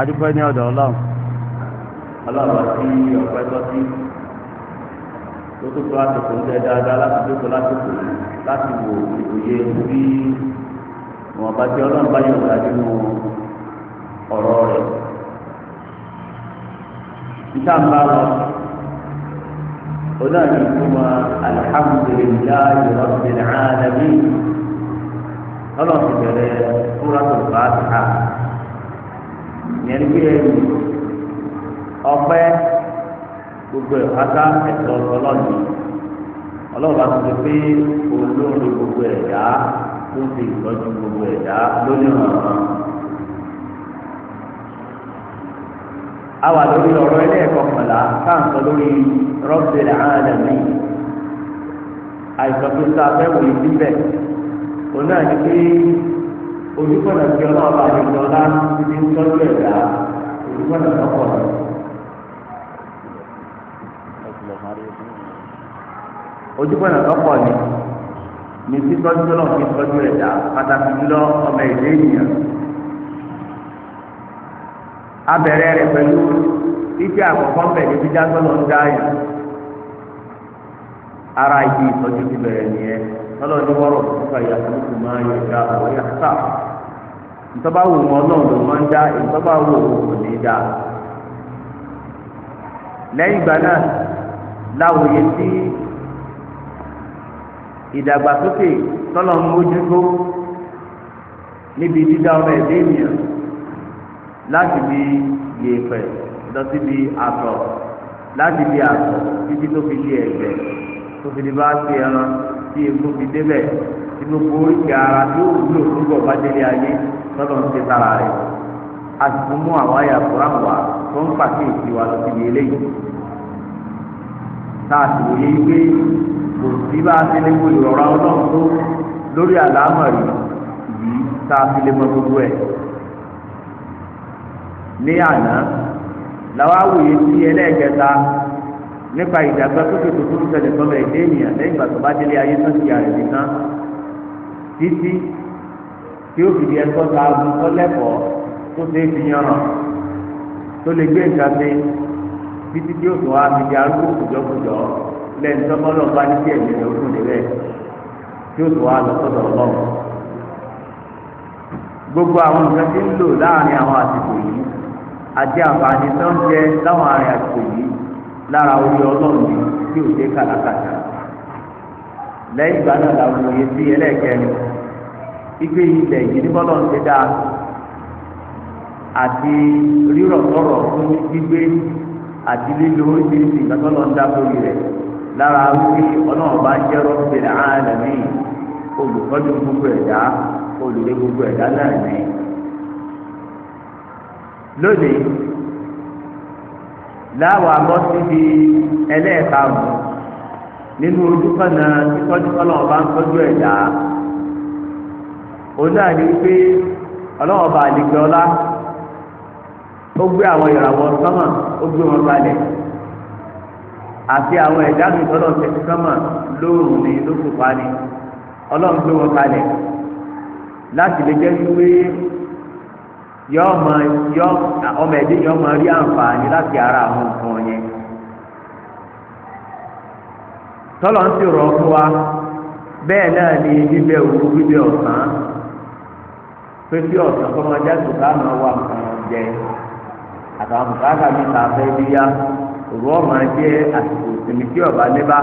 adúpẹ́ ní ọ̀dọ̀ ọlọ́run ọlọ́run àti ọ̀pẹ́ tọ́sí tó tó tó àtòkò ń tẹ dáadáa láti dókò lásìkò láti wò òye bí wọn bá ọlọ́run bá yọ̀ ọ̀dà nínú ọ̀rọ̀ rẹ̀ níta ń bá lọ onáàbí ìtumọ̀ alhamdulillahi rabbil ọlọ́run ti bẹ̀rẹ̀ bá yẹn ní bíi ẹrù ọpẹ gbogbo ẹ̀ pátá ẹ̀tọ́ ọlọ́ọ̀ni ọlọ́run bá tuntun pé olóore gbogbo ẹ̀dá tó ń fi ìtọ́jú gbogbo ẹ̀dá lónìí ọ̀ràn. a wà lórí ọ̀rọ̀ ẹlẹ́ẹ̀kọkànlá káàkó lórí Rabbil Alamin àìsàn tó sá fẹ́ wòye síbẹ̀ òun náà olùkọ́nà tí ọlọ́ọ̀bá àdìgbò ọlá ti ń tọ́jú ẹ̀dá olùkọ́nà tó pọ̀ lọ. ojúkọ̀nà tó pọ̀ ni ní títọ́jú náà fi tọ́jú ẹ̀dá pàtàkì jùlọ ọmọ ìlú ènìyàn. abẹ̀rẹ̀ rẹ̀ pẹ̀lú títí àkọ́kọ́ bẹ̀ ń dá ara ìdí ìtọ́jú ti bẹ̀rẹ̀ nìyẹn fún fún àwọn ntọ́ba wò wọn náà ló máa ń dá ntọ́ba wò wọn kò ní dá lẹ́yìn ìgbà náà láwòye sí ìdàgbàsókè tọ́lọ̀ ń mójútó níbi dídá ọmọ ẹ̀dá ènìyàn láti bí yèèpẹ̀ lọ sí bí àtọ̀ láti bí àtọ̀ títí tó fi di ẹ̀gbẹ́ tó fi di bá ṣe ẹran tí egbò fi débẹ̀ tí gbogbo ìgbà ara yóò wúlò fún bọ̀ bá délé ayé tọ́lọ̀ ń ṣe sára rẹ̀ a sì tún mú àwọn àyà kúrán wá tó ń pàkíyèsí wa lọ síbi eléyìí tá a sì wòye pé kò sí bá a ṣe lè wo ìrọ̀rọ̀ ọlọ́run tó lórí àlámọ̀rí yìí tá a fi lè mọ gbogbo ẹ̀ ní àná làwọn awòye sí ẹlẹ́ẹ̀kẹta nípa ìdàgbàsókè tó tó ń ṣẹlẹ̀ sọ́mọ ẹ̀dẹ́ lẹ́yìn ìgbà tó bá délé ayé tó ti yàrá ìdí títí tí ó fi di ẹ̀kọ́ tó aago tó lẹ́kọ̀ọ́ tó ṣe é fi yànnà tó lè gbé nǹkan ṣe títí tí ó tó wá fi di arúgbó kùjọkùjọ lẹ́yìn ní kí ẹ̀mí rẹ̀ ó tí ó tó wá gbogbo àwọn nǹkan tí ń lò láàrin àwọn àsìkò yìí àti àǹfààní tó ń jẹ láwọn àrìn àsìkò yìí lára orí ọlọ́run tí ò kàlákàtà lẹ́yìn ìgbà igbe ilẹ̀ yìí ní bọ́lọ̀ ń ṣe dáa àti rírọ̀ fún gbígbé àti lílo oríṣiríṣi ń dá lórí rẹ̀ lára wípé ọlọ́run jẹ́ rọ́bìnrin olùkọ́jú gbogbo ẹ̀dá olùdé gbogbo ẹ̀dá náà ní. lónìí abọ́ síbi nínú òun náà ni wípé ọlọ́wọ́ bá àdìgbẹ́ ọlá ó gbé àwọn ìràwọ̀ sánmà ó gbé wọn balẹ̀ àti àwọn ẹ̀dá mi tọ́lọ̀ tẹ̀sí sánmà lóòrùn ni lóṣùpá ni ọlọ́run gbé wọn kalẹ̀ láti lè jẹ́ wípé yọ ọmọ yọ ọmọ ẹ̀dín yọ ọmọ rí àǹfààní ara àwọn nǹkan yẹn tọ́lọ̀ ń sì rọ̀ fún wa bẹ́ẹ̀ náà ni bíbẹ̀ òru bíbẹ̀ ọ̀sán. pé bí ọ̀sán tó máa jáde káàmù wà kàn jẹ àtàwọn bùkátà mi ta fẹ́ bí yá òru ọ̀mà jẹ́ àsìkò ìsinmi tí ọ̀bá lébá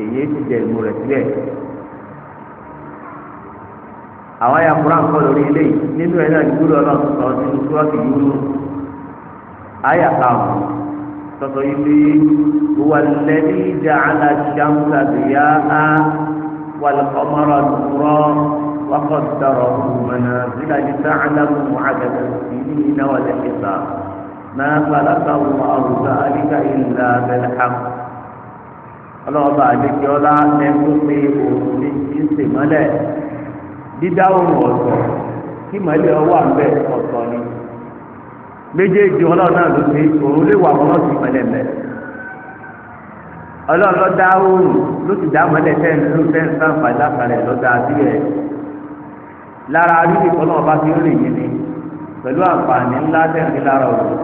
èyí ti jẹ ìlú rẹ̀ sílẹ̀. àwọn ayé àkùrá ń kọ́ lórí ilé yìí nínú ẹ̀ náà ìgbúrò ọlọ́run sọ nínú túrọ́ọ̀kì yìí ló ayé àkàwọn sọ̀tọ̀ yìí bí wàlẹ́lí ìjà àlàṣà ń tàbí yá á wàlẹ́kọ̀mọ́rọ̀ nùrọ̀. وقدره منازل لتعلموا عدد السنين والحساب ما خلق الله ذلك إلا بالحق ọlọ́ọ̀bà àdékẹ́ọ́lá ẹ̀kọ́ pé òun ní kí n sè mọ́lẹ̀ dídá òun ọ̀tọ̀ kí mọ́lẹ̀ ọwọ́ àbẹ̀ ọ̀tọ̀ ni méjèèjì ọlọ́run náà ló ṣe òun lè wà wọ́n sí mọ́lẹ̀ mẹ́ ọlọ́run ló dá òun ló sì dá mọ́lẹ̀ tẹ́ ń lò tẹ́ ń sáǹfà dákàlẹ̀ lọ́dà sílẹ̀ lára àdúgbò ìkọlọ́ ọba ti rìn yìí ni pẹ̀lú àǹfààní ńlá tẹ̀lé lára òun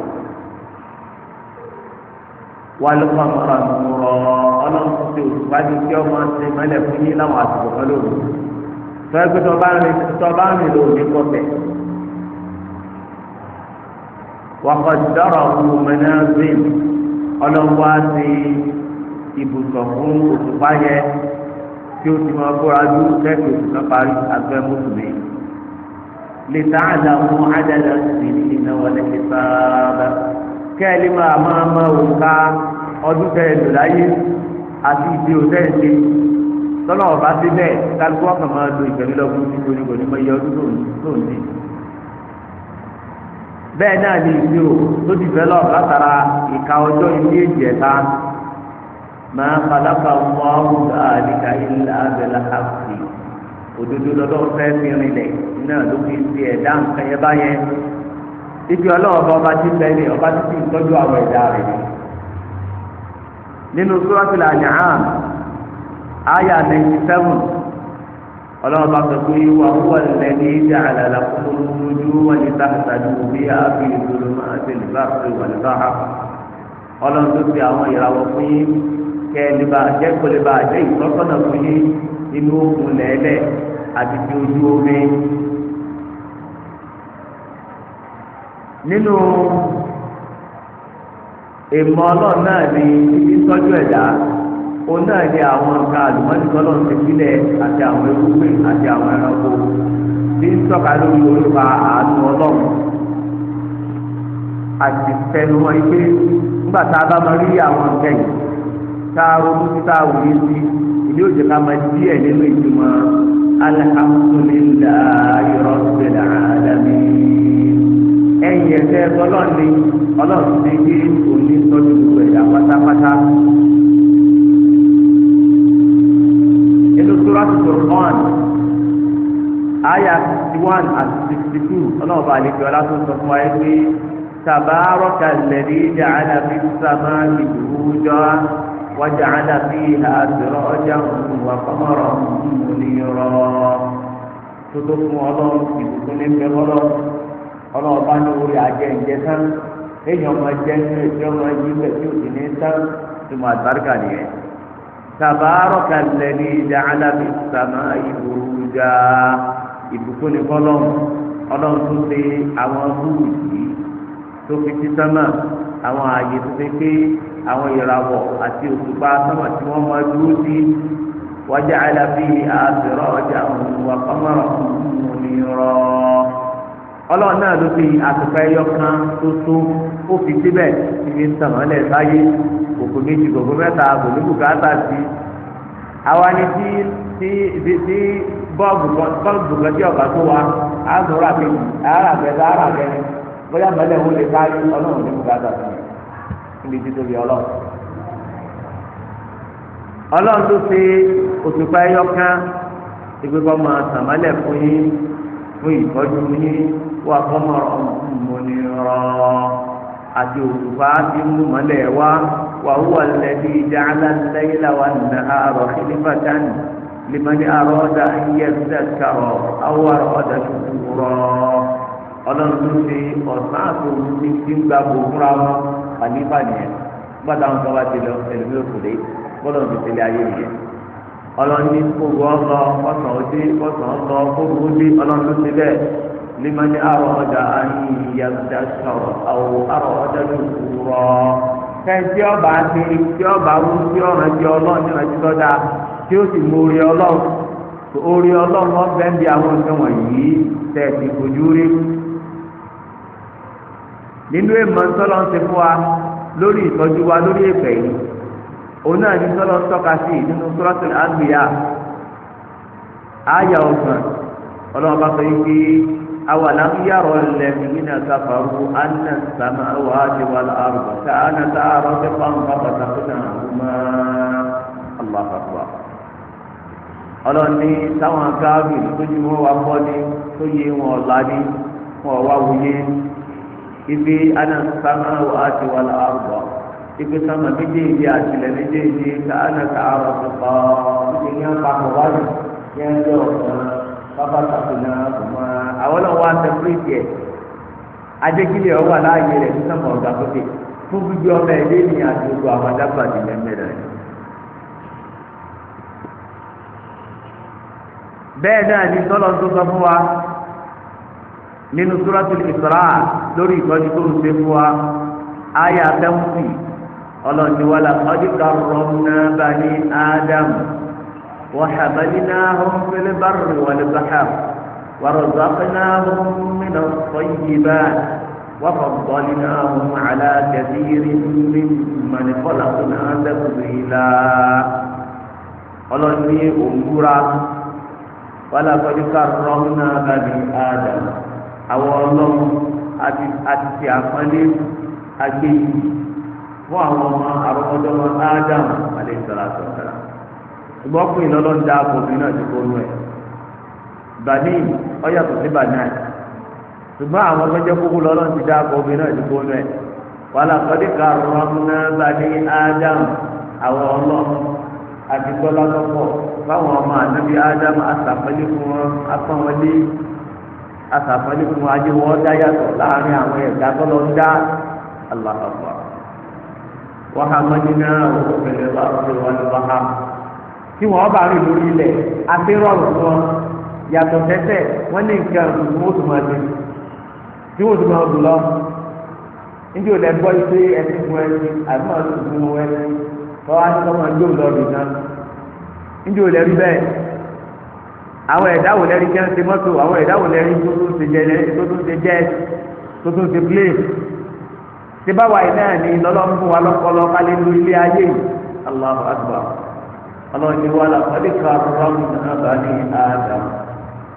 wàlúkọ mọ̀rọ̀ mọ̀rọ̀ ọlọ́run ti òṣùpájú kí ọmọ ṣe mọ́lẹ̀ fún yín láwọn àsìkò kan lóru fẹ́ẹ́ pé tọ́ba ń rìn lò ní kọ́tẹ̀. wàkọ̀dọ́rọ̀ ọ̀húnmọ́nà zim ọlọ́wọ́ á ti ibùsọ̀ fún òṣùpá yẹn tí ó ti máa bóra ju lẹ́sìn òṣùpá parí abẹ́ mùsùlùmí. lè ta àdá mú àdàdà sí iná wọlé ti sáábà. kẹ́ẹ̀lì máa máa máa wò ká ọdún tẹ̀ lò láyé àti ìdí òtẹ́ ṣe. tọ́lá ọ̀bá sí bẹ́ẹ̀ kálukú ọkàn máa lo ìgbẹ̀mí ní koríko ní mọ́ iye ọdún tó ń ní. bẹ́ẹ̀ náà ni ìṣirò tó ti fẹ́ lọ látara ìka ọjọ́ ilé ìjẹta ma kàlákà wọ́ọ̀mù àdìgá ilẹ̀ abẹ́lẹ̀ àkùrì òdodo lọ́dọ̀ fẹ́ fi rinlẹ̀ náà ló fi ṣe ẹ̀dá nǹkan yẹn báyẹn ibi ọlọ́wọ́ bá ọba ti ọba ti fi ìtọ́jú àwọn ẹ̀dá rẹ̀ nínú suratul An'am àyà bá sọ pé wà àlàlà wọn ní àbí ìdúró máa wà a tó fi àwọn ìràwọ̀ fún yín. kẹ́ẹ̀lẹ́bà jẹ́ kọ́lẹ́bà jẹ́ ìtọ́sọ́nà fún yín inú òkun lẹ́ẹ̀lẹ́ àti ti ojú omi. nínú ìmọ̀ ọlọ́run náà ni títí tọ́jú ẹ̀dá òun náà ni àwọn nǹkan àlùmọ́nì tọ́lọ́run ti sílẹ̀ àti àwọn ewúgbìn àti àwọn ẹranko tí ń tọ́ka lórí olùkọ́ àánú ọlọ́run àti tẹnumọ́ ipé nígbà tá a bá mọ rí àwọn nǹkan yìí tá a ronú sí tá a wòye sí ìdí òjò ká máa díẹ̀ nínú ìtumọ̀ alhamdulillahi rabbil alamin ẹ̀yìn ẹ̀fẹ́ ọlọ́ọ̀ni ọlọ́ọ̀ni ti gbé òní tọ́jú gbogbo ẹ̀dá pátápátá. inú sóràtì Qur'an àyà sixty one àti sixty two ọlọ́ọ̀bà àlejò aláṣọ sọ fún wa yẹn pé tabaraka alladhi ja'ala fis samaa'i burujan. وجعل فيها سراجا وقمرا منيرا tuntun ọlọ́run ìbùkún ní bẹ ọlọ́run ọlọ́run bá ní orí ajẹ ìjẹ tán èèyàn máa jẹ ní ìjọ máa yí bẹ tí òsì ní tán ìmọ̀ àgbàrúkà nìyẹn. tabaraka alladhi ja'ala fis samaa'i buruja ìbùkún ní ọlọ́run ọlọ́run tún ṣe àwọn búrú yìí tó fi ti sámà àwọn ààyè tó ṣe pé àwọn ìràwọ̀ àti òṣùpá sọ́mà tí wọ́n máa dúró sí wájà àlàbí àbẹ̀rọ̀ ọjà òǹwà kọ́mọ̀rọ̀ òmìnirọ̀ ọlọ́run náà ló fi àtùpà ẹyọ kan tó tó ó fi síbẹ̀ ibi ń tàn lẹ̀ sáyé gbogbo méjì gbogbo mẹ́ta gbogbo bùkátà sí àwa ni tí tí tí tí bọ́ọ̀bù kan bọ́ọ̀bù kan tí ọ̀gá tó wa á nù rà bẹ́ẹ̀ á bẹ́ẹ̀ á bẹ́ẹ̀ bóyá mọ́lẹ̀ wo lè kárí ọlọ́run ní bùkátà fún mi níbi títí bí ọlọ́run. ọlọ́run tó ṣe òṣùpá ẹyọ kan ìgbé kọ́ máa tàn mọ́lẹ̀ fún yín fún ìtọ́jú yín wà kọ́ mọ́ ọmọnì rọ àti òṣùpá ti mú mọ́lẹ̀ wá wà wúwà lẹ́bi ìjà alálẹ́yìn làwọn nàá àrọ̀ kílífà dání lèmọ́ni àrọ̀ ọ̀dà ayé ọlọ́run tó ṣe ọ̀sán àtòun ti ti ń gba bò fúnra wọn kàlífà nìyẹn gbọ́dọ̀ àwọn kan bá ti lọ ẹlòmí òkùnrin gbọ́dọ̀ ti tẹ̀lé ayé nìyẹn ọlọ́run ní kóògùn ọlọ ọ̀sán òde ọ̀sán ọlọ kóògùn òde ọlọ́run tó ṣe bẹ́ẹ̀ limani arọ ọjà ayélujára sọ̀rọ̀ àwọ arọ ọjà ló wúrọ kẹntì ọba ti tí ọba wú tí ọràn jẹ ọlọ́run ní ọjọ́ sọdá tí ó sì mú orí ọlọ́run orí ọlọ́run ọbẹ ń bi àwọn nǹkan wọ̀nyí tẹ ẹ ti fojú rí nínú èèmọ̀ ńsọ́lọ́ ń ṣe fún wa lórí ìtọ́jú wa lórí èpè yìí òun náà ní sọ́lọ́ ń tọ́ka sí nínú suratul Anbiya àyà ọ̀gbọ̀n ọlọ́run bá sọ yìí pé awalam yara alladhina kafaru anna as-samawati wal arda kanata ratqan fafataqnahuma Allahu akbar ọlọ́ni táwọn akáàbì tó yí wọn wá bọ́ ni tó yé wọn ọ̀la ni wọn ọ̀wá wuyé ibi anasama wa ati wàlá arba. ibi sama méjèèjì àtìlẹ méjèèjì ká anasa àrùn àtùpà ibi yẹn papọ̀ wáyé yẹn lé ọ̀sán bàbá sàfihàn àbùmá àwọn náà wà sẹpẹrẹtì ẹ adékìlẹ ọwọ aláàyè rẹ ní sàmà ọgá fúnbi fún gbígbé ọmọ ẹ lé ní àdúgbò àwọn adágbà ti lẹ mẹrẹ bẹ́ẹ̀ náà ni tọ́lọ́ tó sọ fún wa nínú suratul Isra lórí ìtọ́jú tó ń ṣe fún wa àyà sẹ́wùtì ọlọ́ọ̀ni wa laqad karramna bani Adam wa hamalnahum fil barri wal bahri wa razaqnahum minat tayyibat wa faddalnahum ala kathirin mimman khalaqna tafdila ọlọ́ọ̀ni òǹkúra wa laqad karramna bani Adam. àwọn ọlọ́run àti ti àpọ́nlé agbèyí fún àwọn ọmọ àrọ́mọdọ́mọ ádámù àlẹ́sọ̀rọ̀sọ̀ sára ṣùgbọ́n pé ìlọ́lọ́run dá obìnrin náà ti kó nú ẹ̀ bàní ọ̀yàtọ̀ sí bànáì ṣùgbọ́n àwọn ọmọdé kúkú lọ́lọ́run ti dá obìnrin náà ti kó nú ẹ̀ wàhálà bàní àwọn ọlọ́run àti gbọ́lá lọ́pọ̀ fáwọn ọmọ fún wọn asàfọlẹ fún wa ajé wọn dá yàtọ̀ láàrin àwọn ẹ̀dá tó lọ ń dá aláàbà wàhámadínà òkèlè lọrọ wọn bàá tí wọn bá rìn lórí ilẹ̀ àti wọn yàtọ̀ tẹsẹ̀ wọn ní nǹkan tuntun ó máa dé tí wọn máa dùn lọ níbi ife fún ẹni ẹni wá náà níbi bẹ́ẹ̀. àwọn ẹ̀dá wò lẹ́rí jẹ́ ń ṣe mọ́tò àwọn ẹ̀dá wò lẹ́rí tó tún ṣe jẹ́ lẹ́rí tó tún ṣe jẹ́ tó tún ṣe plé ṣe báwa yìí náà ni lọ́lọ́mú wa lọ́kọ́lọ́ kálí lu ilé ayé yìí Allahu Akbar ọlọ́run ni wà lápẹ́lẹ́ kàrọ̀ rọ́ọ̀mù náà bá ní ádámù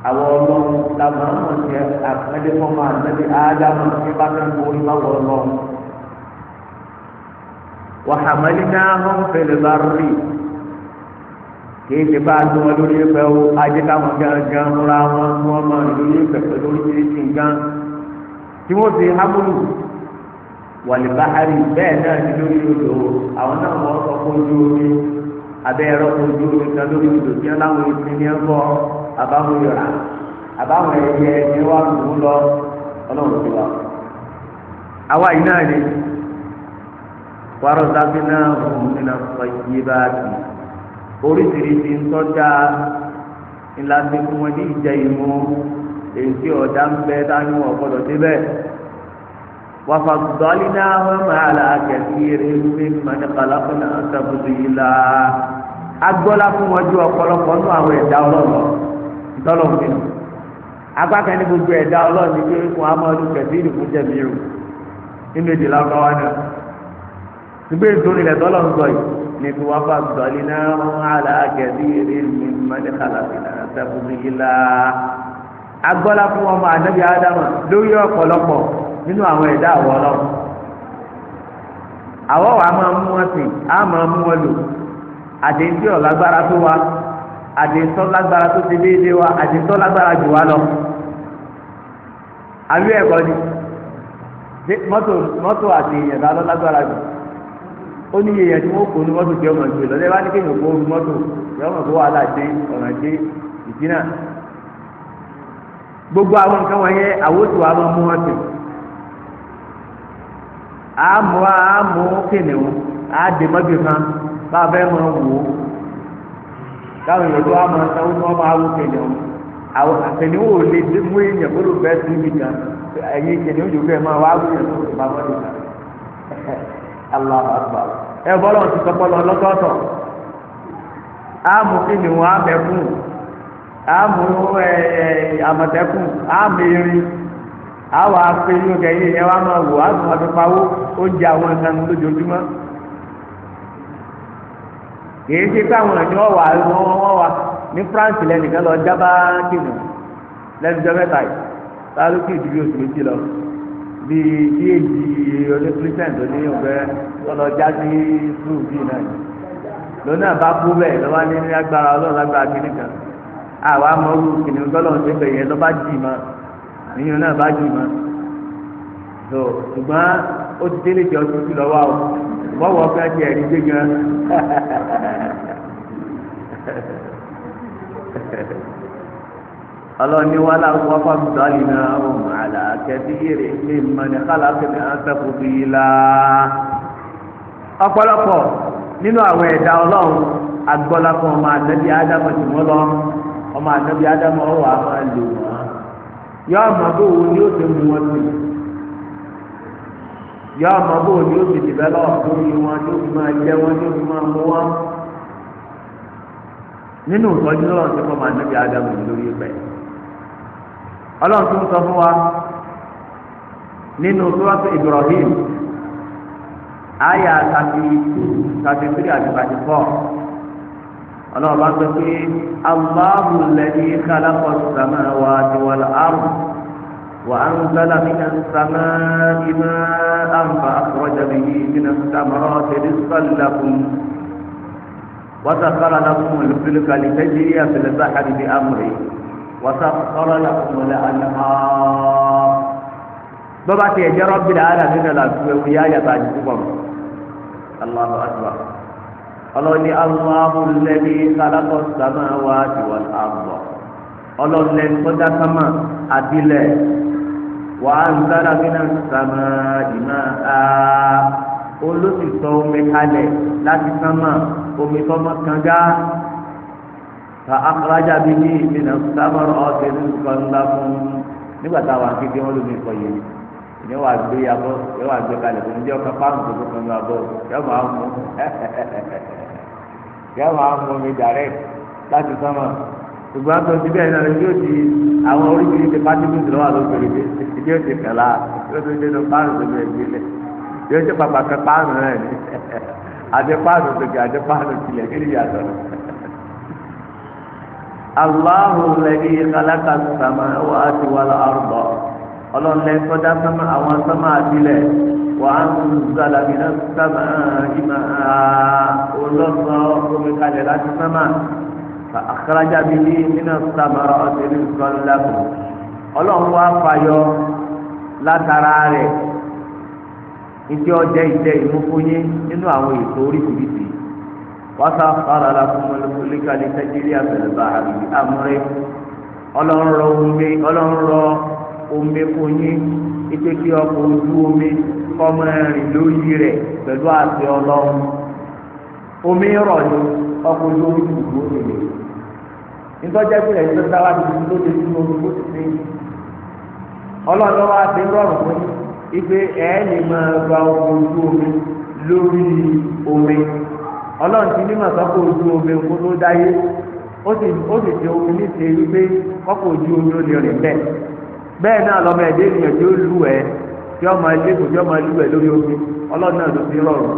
àwọn ọlọ́run làwọn ọmọ ṣe àpẹ́lẹ́ fún ọmọ àtẹ́lẹ́ ádámù ṣe bá fẹ́ kó orí báwọ̀ ọlọ́run wàhàmẹ́lẹ́ náà kìí ṣe bá a tún wọn lórí ẹgbẹ́ o ajé káwọn gángan múra wọn tí wọ́n máa lórí ẹgbẹ́ pẹ̀lú oríṣiríṣi nǹkan tí wọ́n ti hábùlù wàlìbáhárì bẹ́ẹ̀ náà ni lórí odò àwọn náà wọ́n sọ fún ojú omi abẹ́ ẹ̀rọ ojú omi kan lórí odò tí wọ́n láwọn ní ẹ̀kọ́ ẹ̀yẹ ni wọ́n lù ú lọ ọlọ́run ti àwa yìí náà ni sáfínà òun nínú oríṣiríṣi ń tọ́jà ńlá ti fún wọn ní ìjẹ ìmú èyí tí ọ̀dà ń bẹ dání wọn gbọdọ̀ débẹ̀. وفضلناهم على كثير ممن خلقنا تفضيلا agbọ́lá fún wọn ju ọ̀pọ̀lọpọ̀ nínú àwọn ẹ̀dá ọlọ́run ìtọ́lọ́run nínú agbákan ní gbogbo ẹ̀dá ọlọ́run ní pé fún amọ́dún kẹ̀sí ìdìbò jẹ̀mí rù nínú èdè lágbáwá náà ṣùgbọ́n nítorí rẹ̀ tọ́lọ̀ ń sọ yìí ní tí wọ́n bá sọ ní náà wọ́n á là á kẹ́sí eré mi mọ́lẹ́ kàlàfé náà sẹ́kùn sí ilá. agbọ́lá fún ọmọ ànábì ádámà lórí ọ̀pọ̀lọpọ̀ nínú àwọn ẹ̀dá àwọ̀ ọlọ́run. àwọ̀ wa máa mú wọn sìn á máa mú wọn lò àdéhùn ọ̀lágbára tó wa àdéhùn lágbára tó ti déédéé wa àdéhùn lágbára jù wá lọ. àbí ẹ̀kọ́ ni mọ́tò àti ìyẹ̀dá lọ́lágbára jù. ó ní iye yẹn tí wọ́n kó ní mọ́tò tí ọmọ ìgbè lọ́dẹ bá ní kéèyàn kó orí mọ́tò tí ọmọ wàhálà dé ọ̀nà dé gbogbo àwọn nǹkan wọ̀nyẹn àwòtò àwọn mú wọn àdè kan bá a fẹ́ máa wò ó káwọn èèyàn tó wà máa sanwó tí wọ́n máa wò àwọn lè mú èèyàn kó ló sí ibi kan ẹ̀yin Allahu Akbar ẹ bọ́lọ̀ ti sọ bọ́lọ̀ lọ́tọ̀ọ̀tọ̀ àmú kìnìún àmẹ́kùn àmú àmọ̀tẹ́kùn àmẹ́rin àwọn afẹ́ yóò kẹ́yìn yẹn wá máa wò àfipáwó àwọn nǹkan lójoojúmọ́ kìí ṣe káwọn wà wọ́n wà ní France lẹ́nìkan lọ jábá kìnìún lẹ́nu jọ mẹ́ta yìí tá kí ìdílé oṣù méjì lọ. bíi bí èyí ọdún christian tó ní ọ̀fẹ́ ọlọ́jà sí sùúrù bíi náà bá kú bẹ́ẹ̀ lọ́wọ́ ní ní agbára ọlọ́run lágbára kínní kan àwa mọ̀ ọ́rù kìnìún jì mọ́ náà bá jì mọ́ tó ṣùgbọ́n ó ti délé jọ tuntun lọ́wọ́ o fẹ́ gan. ọlọ́ni wa lárúkọ fáfitọ́ àlìna ọ̀hún àlàkẹ́bí yèrè ní ìmọ̀ni kálákìnì àtẹ́kùtù yìí la. ọ̀pọ̀lọpọ̀ nínú àwọn ẹ̀dá ọlọ́run agbọ́lápọ̀ ọmọ ànábì ádámù tí wọ́n lọ ọmọ ànábì ádámù ọ̀wọ́ àwọn àlè wọn. yọ ọmọ bó wo ni ó ti mú wọn sí yọ ọmọ bó wo ni ó ti dìbẹ́lọ̀ lórí nínú ìtọ́jú náà ti fọ́ ọmọ ànábì ádámù lórí ìpẹ́ yìí ọlọ́run tó ń sọ fún wa nínú sọ́wọ́sọ Ibrahim àyà thirty two thirty three àti thirty four ọlọ́run bá sọ pé Allahu alladhi khalaqa as-samawati wal-ard wa anzala mina as-sama'i ma'an fa akhraja bihi mina ath-thamarati rizqan lakum wa sakhkhara lakum al-fulka litajriya fil-bahri bi-amrihi. وسخر لكم الأنهار بابا تيجي رب العالمين لا تقوي يا تاجكم الله أكبر الله الله الذي خلق السماوات والأرض الله الذي قد سما أدله وأنزل من السماء ماء olùsìtọ́ omi kalẹ̀ láti sánmà omi tọ́mọ فأخرج به من الثمرات رزقا لكم nígbà tá a wà kékeré wọn lómi ìkọ yìí ìyẹn wà gbé abọ ìyẹn wà gbé kalẹ̀ fún ìjọ kápá nǹkan tó kàn lọ abọ yẹ máa mú yẹ máa mú mi dàrẹ láti sọmọ ṣùgbọ́n àtọ ti bẹ́ẹ̀ náà yóò di àwọn oríṣiríṣi pátíkùn tó wà lóbìnrin bí ìdí òsì kẹlá yóò tó dénú páàrùn tó bẹ́ẹ̀ gbélé yóò tó pàpà kẹ páàrùn rẹ ní àti páàrùn tó kẹ àti páàrùn tilẹ̀ kí ni yàtọ̀ Allahu alladhi khalaqa as-samawati wal arda ọlọ́lẹ̀ kọjá sọ́mà àwọn sọ́mà àbílẹ̀ wà á ń zàlà mìíràn sọ́mà ìmà ọlọ́sọ omi kalẹ̀ láti sọ́mà àkàràjà mi ní mìíràn ní sọ́lámù ọlọ́run wá fàyọ látara وسخر لكم الفلك لتجري في البحر بأمره ọlọ́run rọ omi ọlọ́run rọ omi ome yín ike kí ọkọ̀ ojú omi kọ́mọ ẹ̀rìn lórí rẹ̀ pẹ̀lú àti ọlọ́run omi rọ̀ ní ọkọ̀ ojú omi kò ọlọ́run ti ní màsọ́kọ̀ ojú omi kó ló dáyé ó sì ti omi níṣe wípé kọ́kọ̀ ojú omi ó lè rìn bẹ́ẹ̀ bẹ́ẹ̀ náà lọ́mọ ẹ̀dẹ́ ènìyàn tí ó lù ẹ́ tí ọmọ ẹgbẹ́ kò tí ọmọ lù ẹ́ lórí omi ọlọ́run náà ló fi rọrùn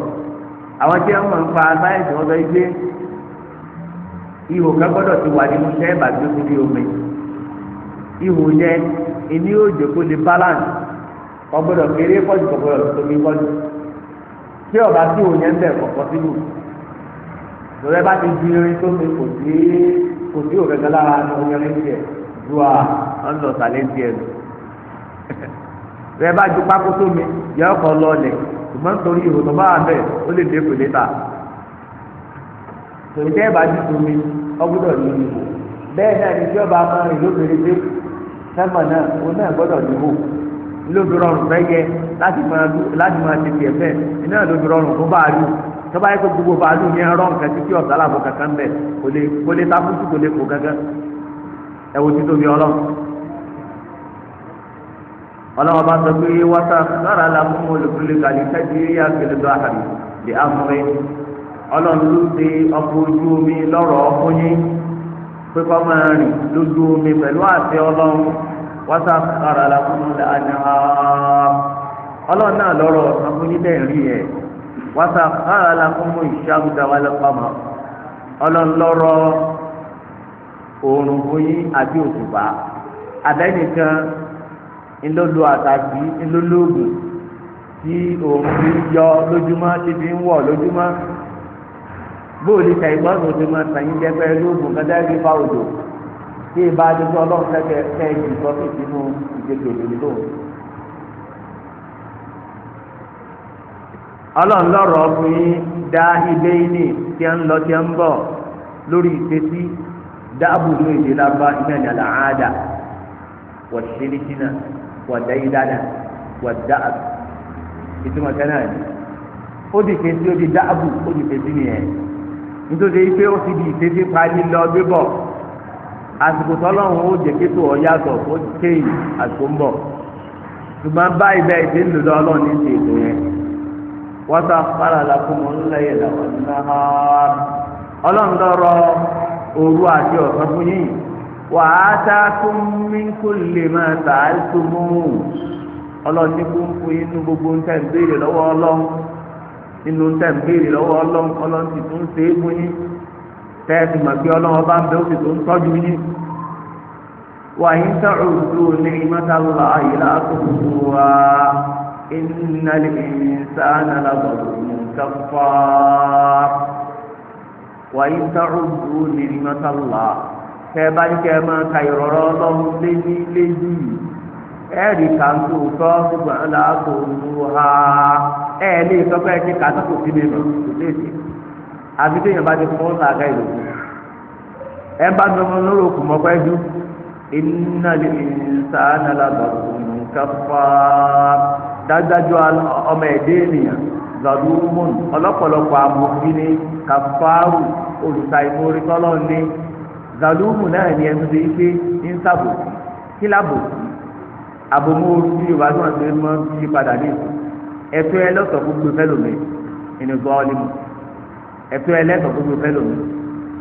àwọn tí wọ́n ń pa wọn sọ ihò gbọ́dọ̀ ti wà nínú iṣẹ́ ìbàdí omi ihò ìní òjò kó lè balance lórí ẹ bá ti ju irin tó fi kò sí kò sí òkèké lára ní irin tiẹ̀ ju à ọ̀nà ọ̀sàlẹ̀ tiẹ̀ lọ. lórí ẹ ju pákó mi yẹ ṣùgbọ́n torí ìhò tó bá wà bẹ́ẹ̀ ó lè dé kò létà. tòun tẹ́ ẹ bá ju mi ọgbọ́dọ̀ ní bẹ́ẹ̀ náà ni tí ọba rìn lóbìnrin dé náà òun náà tọ́ba yẹ kó gbogbo bàálù ní ẹrọ nǹkan tí kí ọ̀sán làbọ̀ kankan bẹ̀ kò lè kò lè takùtù kò lè kó kankan ẹ wo títóbi ọlọ́run ọlọ́run bá sọ pé wáṣà sára la fún olùkúlẹ̀ kàlí sẹ́jú yíyá kele tó àhàrí lè amúrin ọlọ́run ló ṣe ọkọ̀ ojú omi lọ́rọ̀ ọkùnrin pé kọ́ máa rìn lójú omi pẹ̀lú àṣẹ ọlọ́run wáṣà sára la fún olùkúlẹ̀ àjẹhà ọlọ́run náà lọ́rọ̀ ọkùnrin bẹ́ẹ̀ rí yẹn wàtà káàlà kó mú ìṣàgùdà wà lẹ́kọ̀ọ́mọ́ ọlọ́nlọ́rọ́ òòrùn fúyín àti òṣùpá àbẹ́nìkan ńlọ́lù àtàkì ńlọ́lù ògùn tí òòrùn fi yọ lójúmọ́ ti fi ń wọ̀ lójúmọ́ bóòlì tẹ̀ ìgbọ́nù tó máa tàn yín lóògùn kẹ́tẹ́ rí fa òdò tí ìbá adébọ́ ọlọ́run tẹ́tẹ́ tẹ́ ìdìbọ́ sí ìdínú ìdíje òdòdó ọlọ́run lọ́rọ̀ ọkùnrin dá ilé ní tí ń lọ tí ń bọ̀ lórí ìṣesí dáàbòdò èdè lábá iná ní àlàáda ìtumọ̀ ni ó di ìṣesí ó di dáàbò ó di ìṣesí nìyẹn nítorí pé ó ti di ìṣesí pa lílọ bíbọ̀ àsìkò tọ́lọ́run ó jẹ́ kí tó ọ ó kéyìn àsìkò ń bọ̀ ṣùgbọ́n báyìí bẹ́ẹ̀ ti ń lò ní yẹn. وسخر la الليل والنهار ọlọ́run lọ́rọ̀ òru àti ọ̀sán fún yín wa atakum min kulli ma sa'altumu ọlọ́run ní kún fún yín ní gbogbo ń tẹ̀ lọ́wọ́ ọlọ́run nínú lọ́wọ́ tún ṣe é fún yín ọba ń bẹ ó sì tún إن الإنسان لظلم كفار وإن تعدوا نعمة الله kẹbàá kẹ máa ka ìrọ̀rọ̀ ọlọ́run lé kan tó tọ́ ṣùgbọ́n aláàbò ha ẹ̀ẹ́ lè sọ pé ẹ̀kí kan tó sí lè lọ kò lè dé àfi téèyàn bá ti sàgá bá ní ọmọ lórí òkú mọ́ pẹ́ dájúdájú ọmọ ẹ̀dẹ́ ènìyàn zọlúmùn ọlọ́pọ̀lọpọ̀ amòfin ní kàfáàrù olùta ìmórítọ́lọ́ ní zọlúmùn náà ní ẹnu tó yí pé ń sàbò kí lábò àbòmóoru bí yorùbá tó wọn ṣe mọ yí padà ní ìsìn ẹ̀tọ́ ẹ lọ́sọ̀ gbogbo fẹ́lòmí ẹni gbọ́ ọlẹ́mù ẹ̀tọ́ ẹ lẹ́sọ̀ gbogbo fẹ́lòmí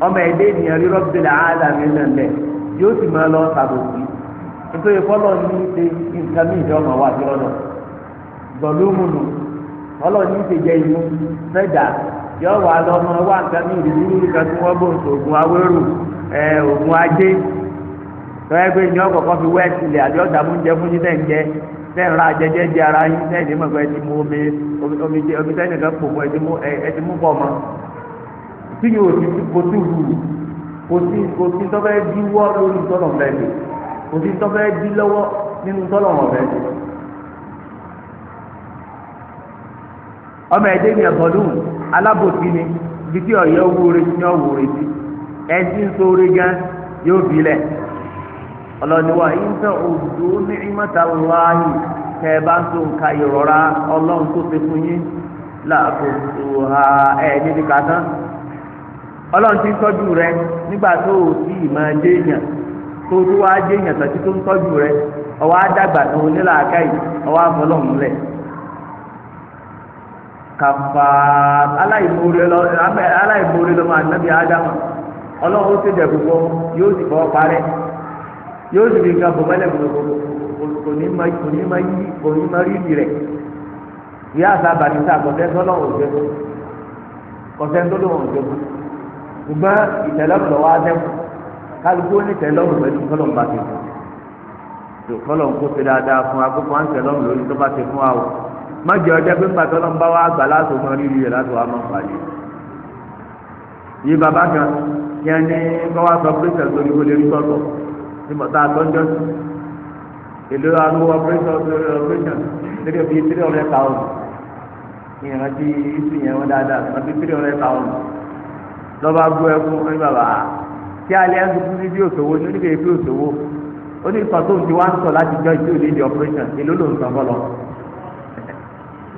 ọmọ ẹ̀dẹ́ ènìyàn rírọ́ bílẹ̀ áàdàmì lẹ́lẹ̀ yóò sì máa lọ sàbòsí nítorí fọ́lọ́ ní ṣe nǹkan mí ìjọ ọmọ wa gbọlúmùnù ọlọ́ọ̀ni ìfèjẹ ìmú mẹ́ta yọ wà lọ́mọ wà nǹkan ní níbi kan tí wọ́n bò ń sògùn awérò ẹ̀ ògùn ajé tọ́yẹ́ pé fi wẹ́ẹ̀ tilẹ̀ àbí ọ̀dà mú jẹ fún ara yín ní mọ̀gbẹ́ ti mú omi omi jẹ omi nìkan pò fún ẹ ti mú bọ̀ mọ́ tí yóò ti kó tí wù ọmọ ẹdẹ ni ẹbọdún alábòsí ni bíbí ọyọ wúre ní ọwúre sí ẹtí ń sóore gan yóò bí lẹ ọlọ́niwà ìfẹ́ òdò ní ìmọ̀ta wáyé tẹ ẹ bá ń so ha ọlọ́run ti ń tọ́jú rẹ nígbà tó o sì máa dé èèyàn tó tó dé èèyàn tó ń tọ́jú rẹ ọwọ́ á dàgbà kàfàr aláìmoore lọ aláìmoore lọ máa nábì ádámà ọlọ́run ó ti dẹ̀ gbogbo yóò sì fọ́ parẹ́ yóò sì fi nǹkan bò mẹ́lẹ̀ gbogbo kò ní ma yí kò ní ma rí ìdí yíyá àtàbà ní sáà kọ̀tẹ́ sọ́lọ́run ò jẹ́kù kọ̀tẹ́ tó wa kálukú ní pẹ̀lú bá ti kó ti dáadáa fún à ń lórí tó bá ti má jẹ́ ọjọ́ pé pàtó ló ń bá wa gbà láti ọmọ rírì rẹ̀ láti wà máa ń yìí bàbá kan kí ẹ ní kọ́ wa sọ pírẹ́sẹ̀ lórí wọlé rí sọ́tọ̀ ní bàtà àtọ́jọ́ èlò arúgbó pírẹ́sẹ̀ lórí ọ̀pẹ́sẹ̀ three of you three hundred thousand ìrántí ìsìn yẹn wọn dáadáa ìrántí three hundred thousand lọ́ba gbọ́ ẹkún ní bàbá tí alẹ́ ń dúdú níbi òṣòwò níbi èké òṣòwò ó ní ìtàn tó ń ti wá ń sọ láti jọ ìdí òde ìdí operation èló ló ń sọ fọlọ́.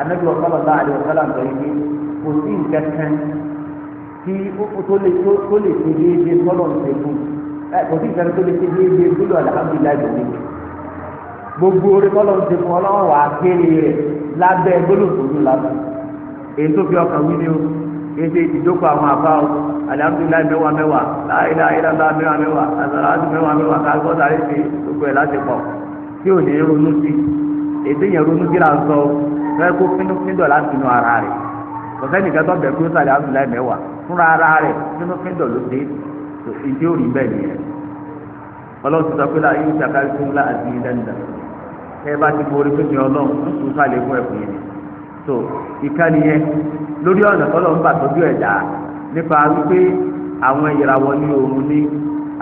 ànábì ọ̀sọ́lọ̀ náà àdìwọ̀ sọ́lá ń sọ yìí pé kò sí nǹkan kan tí tó lè ṣe déédéé sọ́lọ̀ ń ṣe fún kò sí nǹkan tó lè ṣe déédéé gbúdọ̀ alhamdulilayi lòdì gbogbo orí sọ́lọ̀ ń ṣe fún ọlọ́wọ́ wà á kéré rẹ̀ lábẹ́ gbólóṣòwò lábẹ́ èyí tó fi ọkàn wí ni o ese ìdókò àwọn àbá o alihamudulilayi mẹwàá mẹwàá láyìlá ayélujára mẹwàá mẹwàá azalatu mẹwàá mẹwàá k'agbọ́dọ̀ gbogbo ẹ̀ láti pọ̀ tí ò fẹ́ kó fínú fíndọ̀ láti finú ara rẹ̀ kọ̀sẹ́nì kan tó bẹ̀ kó sàlẹ̀ abdullahi mẹ́wàá fúnra ara rẹ̀ fínú fíndọ̀ ló dé ìdí òrì bẹ́ẹ̀ nìyẹn ọlọ́run ti sọ pé láàyè ìṣàkà fún la àti ìdẹ́ndà ẹ bá ti borí pé mi ọlọ́run ń tún sàlẹ̀ fún ẹ̀kún yẹn tó ìkànnì yẹn lórí ọ̀nà tọ́lọ́run bà tọ́jú ẹ̀dá nípa wípé àwọn ìràwọ̀ ní òun ní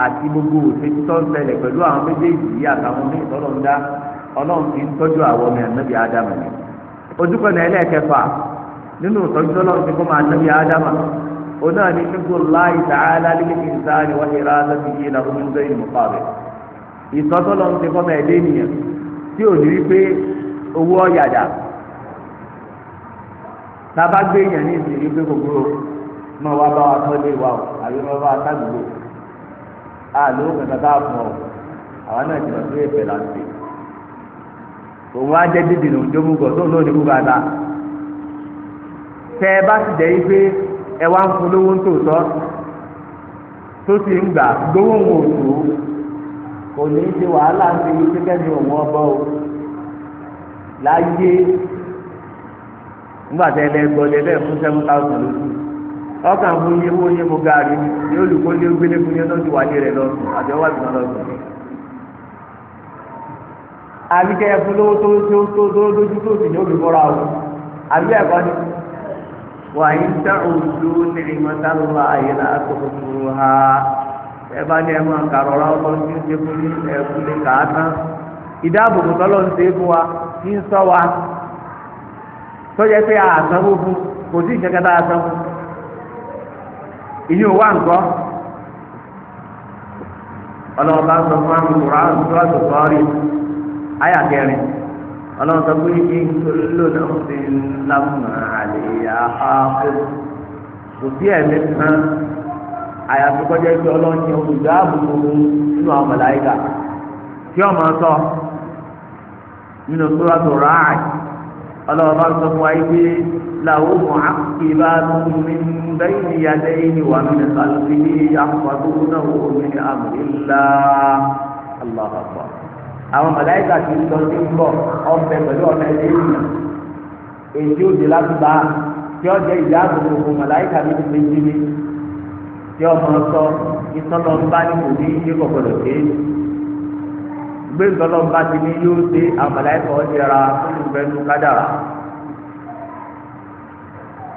àti gbogbo òṣèlú tó ń ṣẹlẹ̀ pẹ̀lú àwọn méjèèjì yìí àtàwọn mí tọ́lọ́run dá ọlọ́run ti ń tọ́jú àwọn ọmọ ẹ̀ ojúkọ̀nà ẹlẹ́ẹ̀kẹfà nínú ìtọ́jú ọlọ́run ti kó máa tẹ̀lé ádámà òun náà ní nígbò láì tààlà lílé ìsáàlì wáyé rárá ti yé lọ́wọ́ ní sẹ́yìn mọ́pàrẹ́ ìtọ́jú ọlọ́run ti kọ́ máa ẹ̀dẹ́ ènìyàn tí ò ní rí pé owó ọ̀yàdà tába gbé èèyàn ní ìsìn ní gbogbo mọ wá bá wa tọ́lé wa o àbí wọ́n bá wa ságbó àlọ́ kẹta tá a fún ọ àwọn náà ti lọ sí ìfẹ́ láti òun á jẹ́ dídì nù jókòó gọ̀ tóun náà gbogbo kú bàtà tẹ ẹ bá ti jẹ́ yí pé ẹ wá ń polówó ń tòótọ́ tó sì ń gbà gbówó ń wò kò ní í ṣe wàhálà ń fi ní òun ọbọ o láyé nígbà tẹ ẹ lẹ gbọ́ lẹ́lẹ́ fún seven thousand lóṣù ọkàn fún mo gaari olùkọ́ gbélé fún àbí kẹ́ fún lówó tó tó tó tó lójú tó sì ní òbí bọ́ra o àbí ẹ̀kọ́ ni. wà á òdu náà tó tó ha ẹ bá ní ẹ máa kàrọ̀rọ̀ ọkọ̀ ní ṣe fún ní ẹ̀kú lè kà á tán. ìdáàbòbò tọ́lọ́ ń ṣe fún wa kí ń sọ wa tó yẹ pé fún kò sí ìyẹn nǹkan sọ àyà kẹrin ọlọ́run sọ pé kí n tó lónà ó ti ń lámà àlè àhàkó kò sí ẹ̀mí kan àyàfi kọjá pé ọlọ́run yẹn olùdáàbò gbogbo nínú àwọn mọ̀láyíkà tí ọmọ sọ nínú sọ́ra tó rà á ọlọ́run bá sọ fún wa yìí pé làwọn ọmọ àkùkìlá mi ń bẹ́yìn ìyàdé yìí wà mí nìkan lórí àkùkọ̀ tó náà wò mí ní àmì ńlá aláàbà àwọn màláíkà ti sọ sí ń bọ̀ ọ̀fẹ́ pẹ̀lú ọ̀nà ẹ̀dẹ́ ènìyàn èyí òde látúbà tí ó jẹ́ ìyá gbogbo màláíkà ní ti méjì ní tí ọmọ sọ ìtọ́lọ́ ń bá ní kò ní ilé kọ̀kọ̀rọ̀ dé gbé ìtọ́lọ́ ń bá ti ní yóò dé àwọn màláíkà ọ̀dẹ́ra olùfẹ́nu kádàrà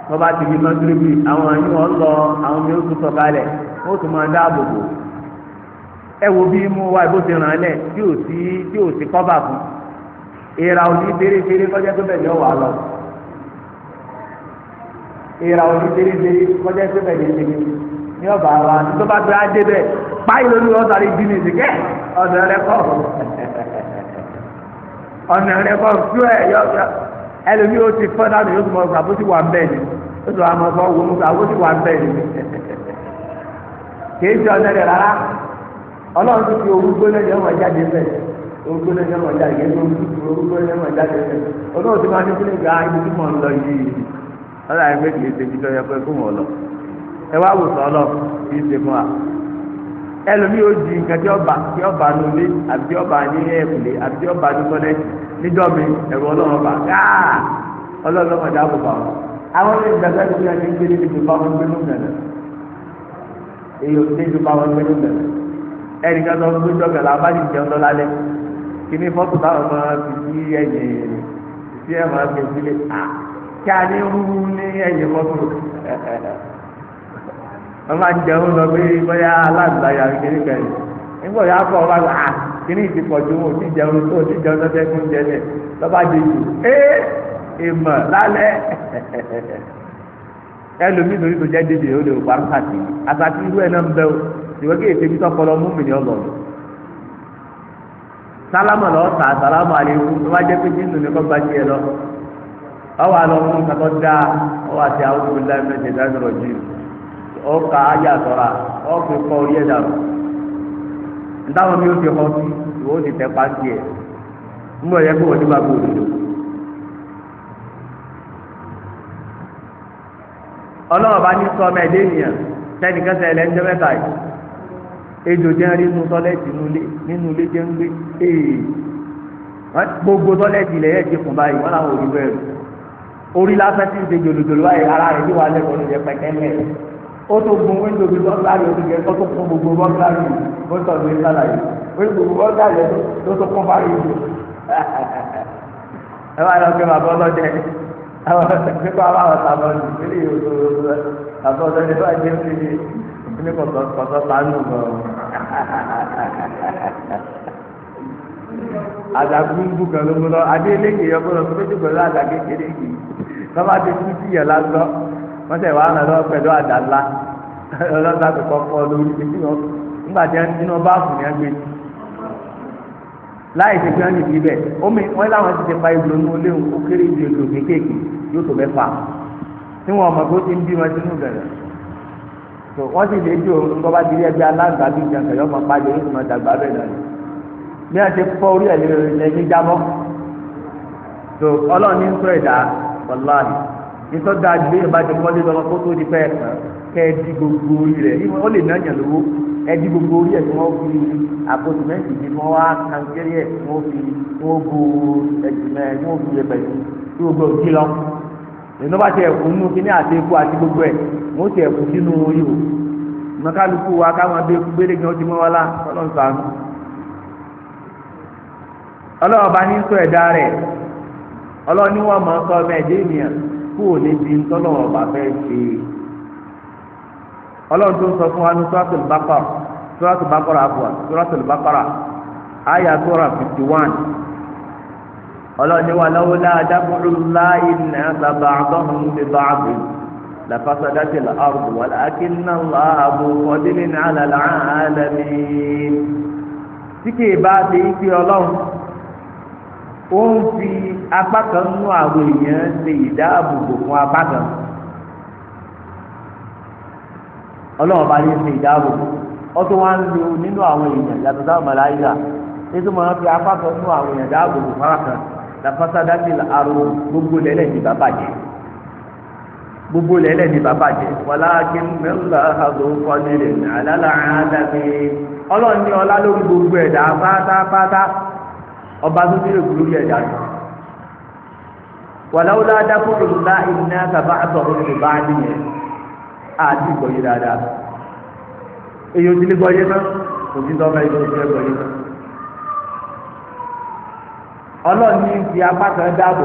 wọ́n bá ti di mọ́tírìbì àwọn àyùn ọ̀ lọ àwọn mi ó tún sọ balẹ̀ ó tún máa dáàbò bò ẹ wo bí mú wa ìbò ti ràn án lẹ̀ tí ò sí tí ò sí kọ́bà fún ìra òní fèrèfèrè kọjá tó bẹ̀ ní ọ̀wà lọ ìra òní fèrèfèrè kọjá tó bẹ̀ ní ìṣègùn ní ọ̀bà wa tó bá gbé adé bẹ̀ báyìí lórí ọ̀sàrí bí mi ìsìnkẹ́ ọ̀dọ̀ rẹ kọ́ ọ̀nà rẹ kọ́ fú ẹ̀ yọ ẹlòmíì ó ti fọ́ dáadọ̀ yóò tún mọ̀ ọ́ àbó ti wà ń bẹ̀ ni ó tún wà mọ̀ ọ́ wọ́n àbó ti wà ń bẹ̀ ni kì í ṣe ọ̀nà rẹ rárá ọlọ́run ti fi orúkọ lẹ́yìn ọmọ jáde bẹ́ẹ̀ orúkọ lẹ́yìn ọmọ jáde yẹn orúkọ lẹ́yìn ọmọ jáde bẹ́ẹ̀ olóòtú ti máa ní kílẹ̀ gba ibi tí mò ń lọ yìí ọlọ́run àyè méjì ètò ìdíjọ yẹ pé fún wọn lọ ẹ wá wò sọ́ọ́ lọ kì í ṣe fún wa ẹlòmíì ó di nǹkan tí ọba tí ọba ní ilé àbí tí ọba ní ẹ̀kúlé àbí tí ọba ní kọ́lẹ́jì níjọ́ mi ẹ̀rọ ọlọ́run ọba gáà ọlọ́run lọ́mọdé àbùkù àwọn àwọn ilé ìgbàgbọ́ ẹ̀kúlé ẹni ń gbé níbi tó bá wọn gbé lóògùn náà èyí ò ní ju bá gbé lóògùn náà ẹnì kan sọ pé jọkẹlá abájú jẹun lọ lálẹ́ kíní fọ́tò táwọn máa fi sí ẹ̀yìn sí ẹ̀ máa fi sílẹ̀ à kí a ní rúrú ní ẹ̀yìn fọ́tò wọ́n máa ń jẹun lọ pé bóyá alágbáyà kíní kẹrin nígbà yà kọ́ ọ bá gbà à kíní ti pọ̀ ju wọn òtí jẹun tó òtí jẹun tó tẹ́kùn jẹlẹ̀ lọ́ba dé jù ee èèmọ̀ lálẹ́ ẹlòmíì lórí tó jẹ́ dèbè ó lè wà ń àtàkì irú ẹ̀ náà ń bẹ́ o. ìwé kéèké ibi tọpọlọ mú sálámà lọ tà sálámà àlékún tó bá jẹ pé jésù ní gba lọ ọwọ àlọ fún kakọ dá ọwọ àti àwọn ọmọ ìlànà ìmẹsẹ ìdánilọ jù ọkà ayé àtọra ọkọ ìkọ orí ẹ̀dá rẹ mi ò ti họ sí ìwọ ò ti yẹ kó ti bá ọlọ́wọ́ bá ní yìí. ejò jẹ́ rí inú tọ́lẹ́tì nínú ilé jẹ́ ń gbé ee gbogbo tọ́lẹ́tì ilẹ̀ yẹn ti kùn báyìí wọ́n làwọn òbí bẹ́ẹ̀ orí lásán ti ń ṣe jòlòjòlò báyìí ara rẹ̀ yóò wá lẹ́kọ̀ọ́ ní ìjẹ́ pẹ̀kẹ́lẹ̀ ó tó gun wíńdò bíi bọ́ńgárì ó ti jẹ́ ó tó kún gbogbo bọ́ńgárì ó tọ̀ ní sálàyé wíńdò bọ́ńgárì ó tó kún bá rí ìlú ẹ wá lọ kí bàbá ọlọ́jẹ àwọn pípa àwọn àtàbọ̀ ní ìpínlẹ̀ Ògùn àtọ̀ ọ̀dọ́ ní báyìí ó ti ní kọ̀tọ̀ kọ̀tọ̀ sánú gan. àdàgúndú kan ló ń lọ adé eléyìí yọ gbọdọ̀ méjì pẹ̀lú àdà kékeré yìí lọ́ba ti kú sí yẹn lásán wọ́n tẹ̀ wàá ràn lọ́wọ́ pẹ̀lú àdà ńlá ọlọ́dà tó kọ́ fọ́ lórí èyí wọn nígbà tí wọ́n nínú báàfù ni wọ́n gbé láì ṣe pé wọ́n nìbí bẹ́ẹ̀ omi wọ́n láwọn ti ṣe pa ìgbòho ní olé òun ó kéré yóò tó mẹ́fà tí wọ́n mọ̀ pé ti ń bí wọn sínú gẹ̀rẹ́ tó wọ́n sì lè dí òun tó bá di ẹgbẹ́ aláǹgbá bíi ìjànkà yọ ọmọ pàdé yóò tún ọjà gbà bẹ́ẹ̀ lọ́yìn bí wọ́n ti fọ́ orí ẹ̀ lẹ́yìn jábọ́ tó ọlọ́run ní sọ ẹ̀dá dáa ju ti kó tó di pẹ́ẹ́ kẹ́ ẹ di gbogbo orí rẹ̀ ó lè náà yàn lówó ẹ di gbogbo orí ẹ̀ wọ́n ti ẹ̀kú sínú ihò mọ́kálukú wa káwọn abẹ́ gbélé gan ó ti mọ́ wọ́lá bá ní sọ ẹ̀dá rẹ̀ ọlọ́run ní sọ ọmọ ẹ̀dá ènìyàn kú ò ní di ntọ́lọ́wọ́ bá fẹ́ ṣe ọlọ́run tó ń sọ fún wa ní sọ́ọ́tù sọ́ọ́tù لفسدت الأرض ولكن الله ذو فضل على العالمين tí kì í bá ṣe ife ọlọ́run ó ń fi apá kan nú àwọn èèyàn ṣe ìdáàbòbò fún apá kan ọlọ́run bá ní ṣe ìdáàbòbò ọtún wá ń lo nínú àwọn èèyàn yàtọ̀ gbogbo lẹ́lẹ̀ ní bàbá jẹ wàláàkì mẹ́ńgà àgbo kọ́lẹ́lẹ̀ àlálà àdàbí ọlọ́run ní ọlá lórí gbogbo ẹ̀dá pátápátá ọba tó ti lè gbúrú yẹ ẹ̀dá lọ. wàláwùlá iná kàbá àtọ̀rọ̀ ní bá a nìyẹn àti ìgbọ̀yé dáadáa. èyí ò ti lè gbọ́yé náà kò sí tọ́ka èyí ò ti lè gbọ́yé náà. ọlọ́run ní ti apá kan dáàbò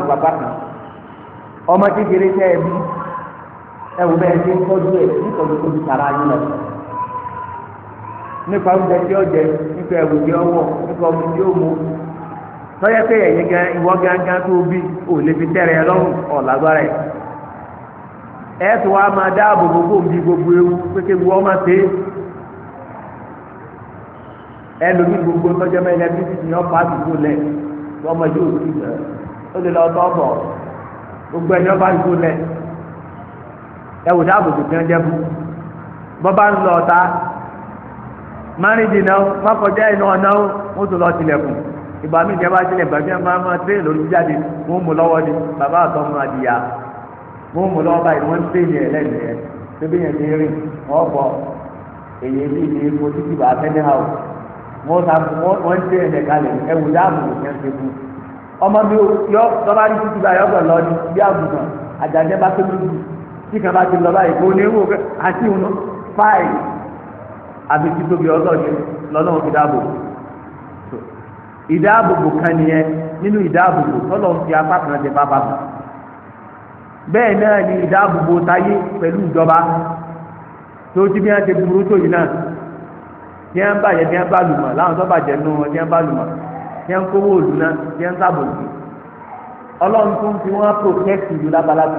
ẹwù bẹ́ẹ̀ ti ń tọ́jú ẹ̀ nítorí tó ti tara yín lọ. nípa oúnjẹ tí ó jẹ nípa ẹwù tí ó wọ̀ nípa omi tí ó mu tọ́yẹ pé ẹ̀yìn gan ìwọ gángan tó bí ò lè fi tẹ̀rẹ̀ ẹ lọ́rùn ọ̀làgbára ẹ̀. ẹ tó wá máa dáàbò gbogbo òbí gbogbo ewu pété wu ọmọ tẹ ẹ lómi gbogbo tọ́jú ẹmẹ ilẹ̀ bí ti yàn pàtó tó lẹ̀ ọmọ yóò ti lọ ó lè lọ tọ́ bọ̀ gbogbo ẹ̀ ẹ wò dáàbò tó tiẹ́ jẹ́ fún bọ́bá ń lọ ọ̀tá márìndì náà mọ́kànjá iná ọ̀nà ó tó lọ tilẹ̀kùn ìgbà míì jẹ́ bá tilẹ̀ gbàgbé máa máa tẹ́lẹ̀ lórí jáde mo ń mú lọ́wọ́ ni bàbá àtọ́mọ àdìyà mo ń mú lọ́wọ́ báyìí wọ́n ń tẹ́lẹ̀ ẹ̀ lẹ́nu ẹ̀ tóbi yẹn ti rìn ọ̀bọ̀ èyí bí ní epo títí bá fẹ́lẹ́ hà ó wọ́n ta wọ́n ń tẹ́lẹ̀ ẹ̀ kalẹ̀ ẹ̀ wò dáàbò tó tiẹ́ ṣe fún ọmọ mi yọ tọ́ba ní títí bá yọ tí kan bá ti lọ báyìí kó ní wò pé àti ìhun fáì àbí títóbi ọlọ́ọ̀ni lọ́lọ́run fi dáàbò ìdáàbòbò kan nìyẹn nínú ìdáàbòbò tọ́lọ́run fi apá kan jẹ bàbá bò bẹ́ẹ̀ náà ni ìdáàbòbò táyé pẹ̀lú ìjọba tó ti bí wọ́n ti burú tó yìí náà tí wọ́n bàjẹ́ tí wọ́n bá lùmọ̀ láwọn tó bàjẹ́ nù wọn tí wọ́n bá lùmọ̀ tí wọ́n kówó òlù náà tí wọ́n sábò sí ọlọ́run tó ń fi wọ́n protect ìlú lábalábá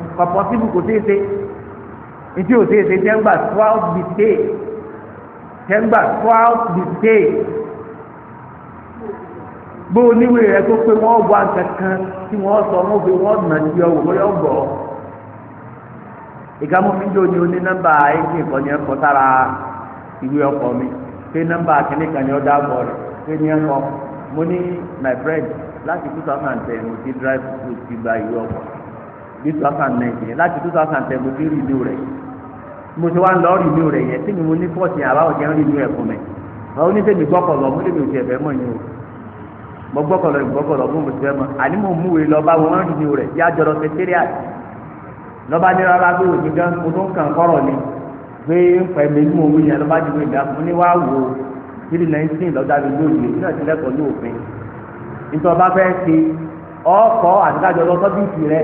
pàpọ̀ síbù kò tẹ́ ṣe ìdí ò tẹ́ ṣe tẹ́ngbà twelve the day tẹ́ngbà twelve the day bó o níwèé rẹ tó pé wọ́n wá kankan tí wọ́n sọ wọ́n fi wọ́n nà sí ọ̀wọ́ bóyá ọ̀gbọ́ ìgbàmú mi jò ní oní nọ́mbà eighty nǹkan ní ẹ̀kọ́ sára ìwé ọkọ̀ mi pé nọ́mbà kìnnìkan ní ọ̀dà bọ̀ rẹ̀ pé ní ẹ̀kọ́ mo ní my friend láti two thousand and ten mo ti drive mo ti gba ìwé ọkọ̀ bí two thousand nineteen láti two thousand ten mo ti rìnú rẹ̀ mo ti wá ń lọ rìnú rẹ̀ yẹn tí mi mo ní fọ́ọ̀tì àbáwọ̀ jẹ́ ń rìnú ẹ̀ fún mi àwọn oníṣègùn gbọ́kọ̀lọ́ mo lè mi ò tiẹ̀ fẹ́ mọ̀ yín o mo gbọ́kọ̀lọ́ ìgbọ́kọ̀lọ́ mo mo ti fẹ́ mọ̀ àní mo mú wèé lọ bá wọn rìnú rẹ̀ yá jọlọ secretariat lọ́ba ní rárá pé òní gan mo tó ń kàn kọ́rọ̀ ni pé ń pẹ́ mi ní òun yẹn lọ́ba nineteen lọ́dá mi lóye náà ti lẹ́kọ̀ọ́ ní òfin nítorí ọba fẹ́ ọkọ̀ àti kájọ lọ sọ́bìtì rẹ̀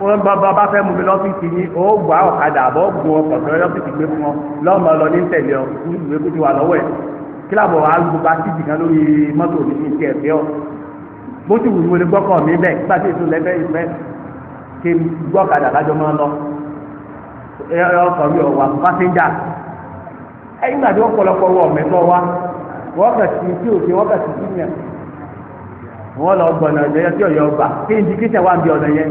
wọn bá bá fẹ́ mú mi lọ́fíìsì yín ó gbà ọ̀kadà àbọ̀ gun ọkọ̀ tó lọ́fíìsì gbé fún ọ lọ́mọ lọ ní tẹ̀lé ọ ìwé kó ti wà lọ́wọ́ ẹ̀ kílàbọ̀ wa gbogbo asíjì kan lórí mọ́tò mi ní ìṣe ẹ̀fẹ́ ọ bó ti wù mí wọlé gbọ́kọ̀ mi bẹ́ẹ̀ nígbà tí èso lẹ́fẹ́ ìfẹ́ ké gbọ́kadà lájọ máa lọ ọkọ̀ mi ọ̀wà pásẹ́njà ẹ̀yìn gbàdé ọ̀pọ̀lọpọ̀ wọ mẹ́tọ́ wa wọ́n kà sí tí òkè wọ́n kà sí tí yẹn wọ́n lọ gbọ̀nà ìjọyọ̀ tí ọ̀yọ́ gbà ń bí ọ̀nà yẹn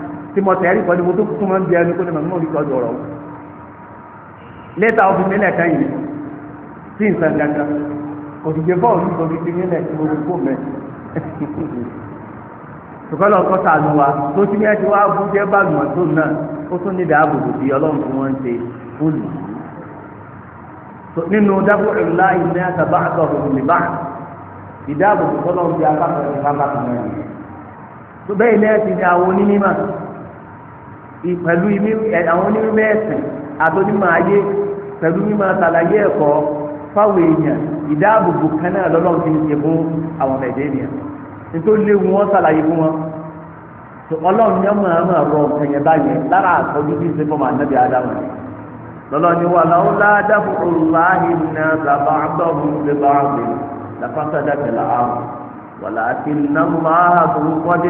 tí mo tẹ̀rí kọ́ ni mo tó kú máa ń bí ẹnu kó ni màmú òbí tọ́jú ọ̀rọ̀ lẹ́tà ọ̀fìn nílẹ̀ kan yìí sí nǹkan kankan òdìjẹ́ bọ́ọ̀lù ìtọ́jú ti nílẹ̀ tí mo gbogbo mẹ́ tòkọ́lọ́ ọkọ sànù wa tó ti mẹ́tì wá bújẹ́ báàlù màtó náà ó tún níbi àbùkù bí ọlọ́run fún wọn ṣe fóònù nínú dábòrò ńlá ìní àtàbà àtọ̀rọ̀ òmìnira ìdáàbòbò tọ́lọ́run bí apá kan ní kábàkùn náà tó bẹ́ẹ̀ lẹ́yìn ti ní àwọn onímọ̀ pẹ̀lú àwọn onírúurú ẹ̀sìn àtọ́nímọ̀ ayé pẹ̀lú mímọ̀ àtàlàyé ẹ̀kọ́ fáwọn èèyàn ìdáàbòbò kan náà lọ́lọ́run ti ń ṣe fún àwọn ọmọ ẹ̀dẹ́ ènìyàn nítorí léwu wọn ṣàlàyé fún wọn ọlọ́run yẹn máa máa rọ nǹkan yẹn lára àtọ́jú tí ṣe fọmọ ànábì ádámù lọ́lọ́ni wà láwọn ládàbò ọ̀láhì nà bàbá àgbọ̀hún ṣe bá àgbè làfàṣàdàkẹ̀ làárọ̀ wàlá àti nàmú àhàbò kọ́dé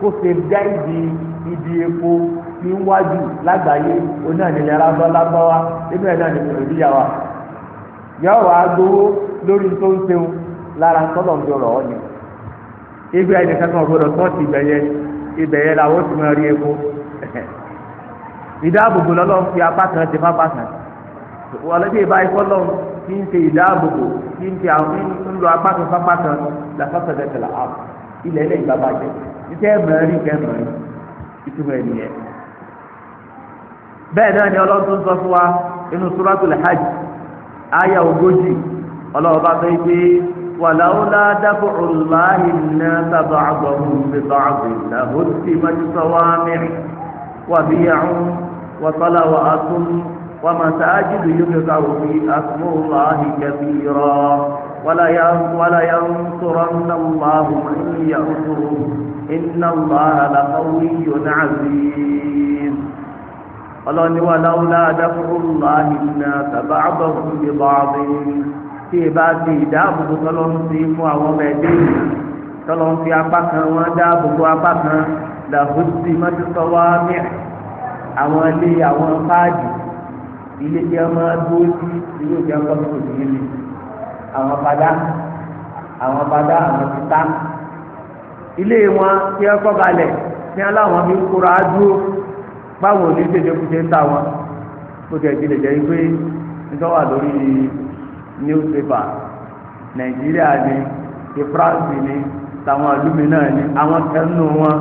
kó ṣe gáìdì ibi epo níwájú lágbàáyé oní ànílẹ̀ rábọ́ nínú ẹ̀ náà ní nàìjíríà wa yóò wá gbowó lórí tó ń ṣeun lára sọ́dọ̀ ń dọ̀rọ̀ ọ́ ni ibi ẹni gbọdọ̀ ibẹ̀ yẹn ibẹ̀ yẹn làwọn ti máa rí epo ìdáàbòbò lọ́lọ́run fi apá kan ti kan ìbá ikọ́ lọ́run kí n ṣe ìdáàbòbò kí n ṣe àwọn ń lo apá kan kan iṣẹ́ mẹ́rin rí kẹ́ mẹ́rin ìtumọ̀ ènìyàn. bẹ́ẹ̀ náà ni ọlọ́run sọ fún wa inú suratul hajj àyà ogójì ọlọ́run bá fẹ́ gbé wàláwùlá dáfọ̀rọ̀ láàyè náà sábà àgbọ̀hún bíbá àgbè làbó ti máa sọ wá mẹ́rin wàbíyàún wàtọ́lá wàásùn wàmàsáájì lóyún kẹta òfin àtúmọ̀ láàyè kẹfì rọ̀. ولا ينصرن الله من ينصره إن الله لقوي عزيز ọlọ́run ni wọ́n láwùlá adáfúrúlá ìnà tàbá àbọ̀kù ìbá ọ̀bẹ tí ìbá ti ìdáàbòbò tọ́lọ́run ti fún àwọn ọmọ ẹ̀dẹ́ yìí tọ́lọ́run fi apá kan wọ́n dáàbòbò apá kan làhùsì mọ́tòtọ́wá mìíràn àwọn ilé àwọn páàdì ilé tí wọ́n máa dúró sí ilé tí wọ́n kọ́ sí òṣèlú àwọn padà àwọn padà àwọn títà ilé wọn tí ẹ kọ́ balẹ̀ ní aláwọn mi kóra dúró báwo ní ṣèjọkùṣe ń ta wọn bó ti ẹ̀ ti lè jẹ́ nítorí lórí newspaper nàìjíríà ni ti france ni tàwọn àlùmí ni àwọn kẹnu wọn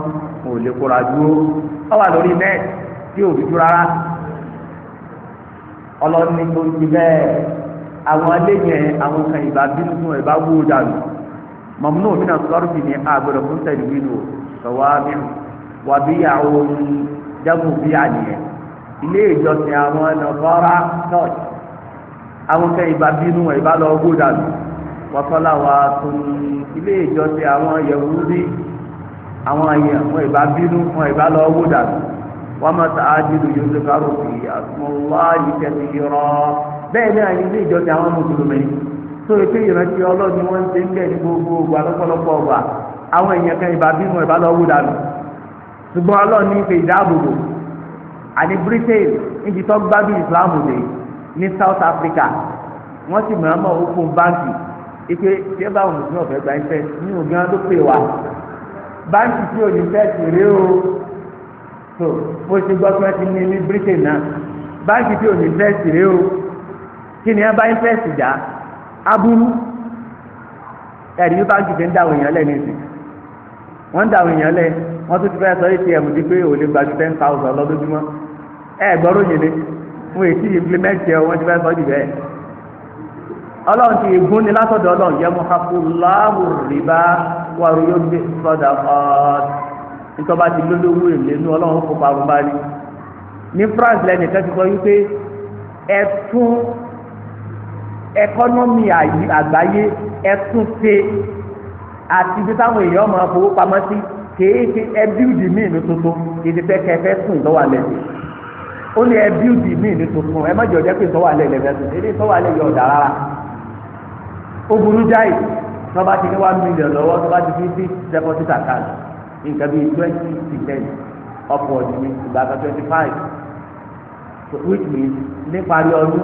ò lè kóra dúró ọ wà lórí net tí ò fi tú rárá ọlọ́ni tó ti bẹ́ẹ̀ àwọn aléyìn àwọn kan ìbá bínú fún ìbá wó dànù mamnu min asarfi ni a gbọ́dọ̀ fún tẹlifíìnù sọwáàmì wàbí àwọn jágùn bí àníyàn ilé ìjọsìn àwọn nọfọra church àwọn kan ìbá bínú ìbá lọ wó dànù wàtọ́lá wa tún ilé ìjọsìn àwọn yẹwùdí àwọn èèyàn ìbá bínú wọn ìbá lọ wó dànù wọn mọ sáájú lójú bẹ́ẹ̀ ni àyè ilé ìjọsìn àwọn mùsùlùmí tó o pé ìrántí ọlọ́ọ̀ni wọ́n ń ṣe ń bẹ̀ ní gbogbo ògbà lọ́pọ̀lọpọ̀ ọgbà àwọn èèyàn kan ìbá bímọ ìbá lọ́wọ́ dànù ṣùgbọ́n ọlọ́ọ̀ni ń pe ìdáàbòbò àní Britain níbi tó gbádùn Islam dé ní South Africa wọ́n sì mọ̀ọ́mọ̀ okun báńkì ike tí ẹ bá wọn mùsùlùmí ọ̀fẹ́ gba iṣẹ́ ní ògán ló pè wá báńkì tí ò ní fẹ́ tèrè o tó mo ti gbọ́ pé wọ́n ti ní ní Britain náà báńkì tí ò ní fẹ́ tèrè o kí ni ẹ bá interest jà aburú ẹ̀rí bí báńkì ti ń dàwọn èèyàn lẹ́nu ìsìn wọ́n ń dàwọn èèyàn lẹ́ wọ́n tún ti fẹ́ sọ atm di pé òní gbajú ten thousand lọ́dọ́dúnmọ́ ẹ gbọ́rọ̀ yìí ni wọ́n ti implement yẹ wọ́n ti fẹ́ sọ jù bẹ́ẹ̀ ọlọ́run ti gún ni látọ̀dọ̀ ọlọ́run yẹ mọ́ hakuláwù rìbá wàrú yóò gbé sọ́dà ọ́ọ́d nítorí ti lólówó èlé inú ọlọ́run kó parun bá rí ní France lẹ́nìkan ti sọ wípé ẹ tún ẹkọ́nọ́mì àgbáyé ẹtúnṣe àti ibi táwọn èèyàn máa fowó pamọ́ sí kèé ṣe ẹbíùdì míì ní tuntun ìdí fẹ́ kẹ́ fẹ́ sùn lọ́wọ́ alẹ́ sí ó ní ẹbíùdì míì ní tuntun ẹ má jẹ́ ọjọ́ pé sọ́wọ́ alẹ́ lẹ́fẹ́ sùn èdè sọ́wọ́ alẹ́ yọ ọ̀dà rárá ó burú jáì tó bá ti ní one million lọ́wọ́ tó bá ti fi sí deposit account nǹkan bíi twenty percent ọ̀pọ̀ ọ̀dùnmí ìgbà kan twenty five which means níparí ọdún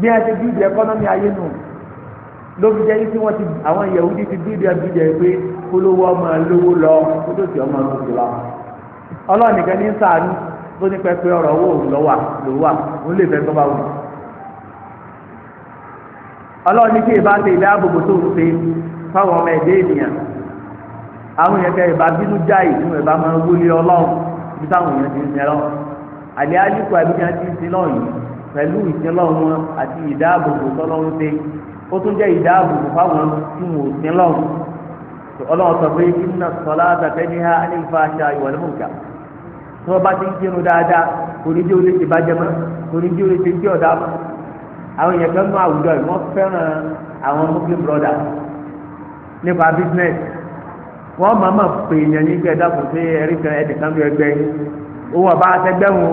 bí a ti bíbi ẹkọ́nọ́mì ayé nù lóbi jẹ́ yìí tí àwọn ti pé kólówó ọmọ lówó lọ kó tó ti ọmọ lòdì lọ ọlọ́run nìkan ní sàánú tó ní pẹpẹ ọ̀rọ̀ owó òun lọ́wà lówà lè fẹ́ tó bá wù ọlọ́run ní kí ìbá ṣe ilé àbòbò tó ń ṣe fáwọn ọmọ ẹ̀dẹ́ ènìyàn àwọn pẹ̀lú ìsinlọ́wọ́ wọn àti ìdáàbòbò tọ́lọ́wọ́ ṣe ó tún jẹ́ ìdáàbòbò fáwọn tí wọn ò sọ pé tí wọ́n bá ti ń kírun dáadáa kò ní jẹ́ olè ti bàjẹ́ mọ́ kò ní jẹ́ olè ti ń ọ̀dà mọ́ àwọn èèyàn kan nú àwùjọ yìí fẹ́ràn àwọn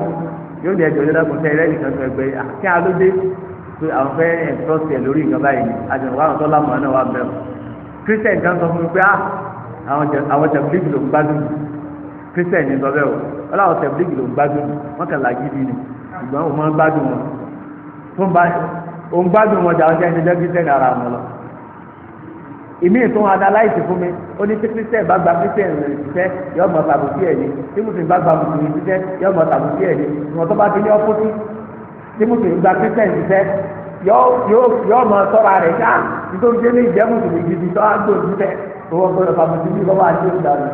yóò ní ẹjọ́ yọdá kún tẹ́lẹ̀ nìkan tó ẹgbẹ́ àti alóde tó àwọn fẹ́ ẹ̀ńtọ́sì ẹ̀ lórí nǹkan báyìí àjọyọ̀ wà wọn tó lámọ̀ náà wà bẹ́ẹ̀ kírísítẹ̀n kan sọ fún mi pé ah, àwọn tẹ̀blíkì ló ń gbádùn kírísítẹ̀n ní sọ bẹ́ẹ̀ o wọ́n láwọn tẹ̀blíkì ló ń gbádùn wọ́n kàn lágídí ni ìgbọ́n òun máa ń gbádùn wọn tó ń bá òun gbádùn wọn jà ọjọ́ ẹni jẹ́ kírísítẹ̀n ara wọn lọ ìmí ìtún analyze fún mi ó ní tí christian bá gba christian rẹ̀ ṣiṣẹ́ yóò mọ̀ tàbùkù ẹ̀ ni tí muslim bá gba muslim ṣiṣẹ́ yóò mọ̀ tàbùkù ẹ̀ ni ìwọ̀n tó bá ti ní ọ́fọ́tì tí muslim gba christian ṣiṣẹ́ yóò mọ̀ sọ́ra rẹ̀ ṣá nítorí jẹ́ ní ìjẹ́ muslim gidi tó á gbò ṣiṣẹ́ tó wọ́n gbọ́dọ̀ fàmùsùn bí wọ́n wá ṣe ń dànù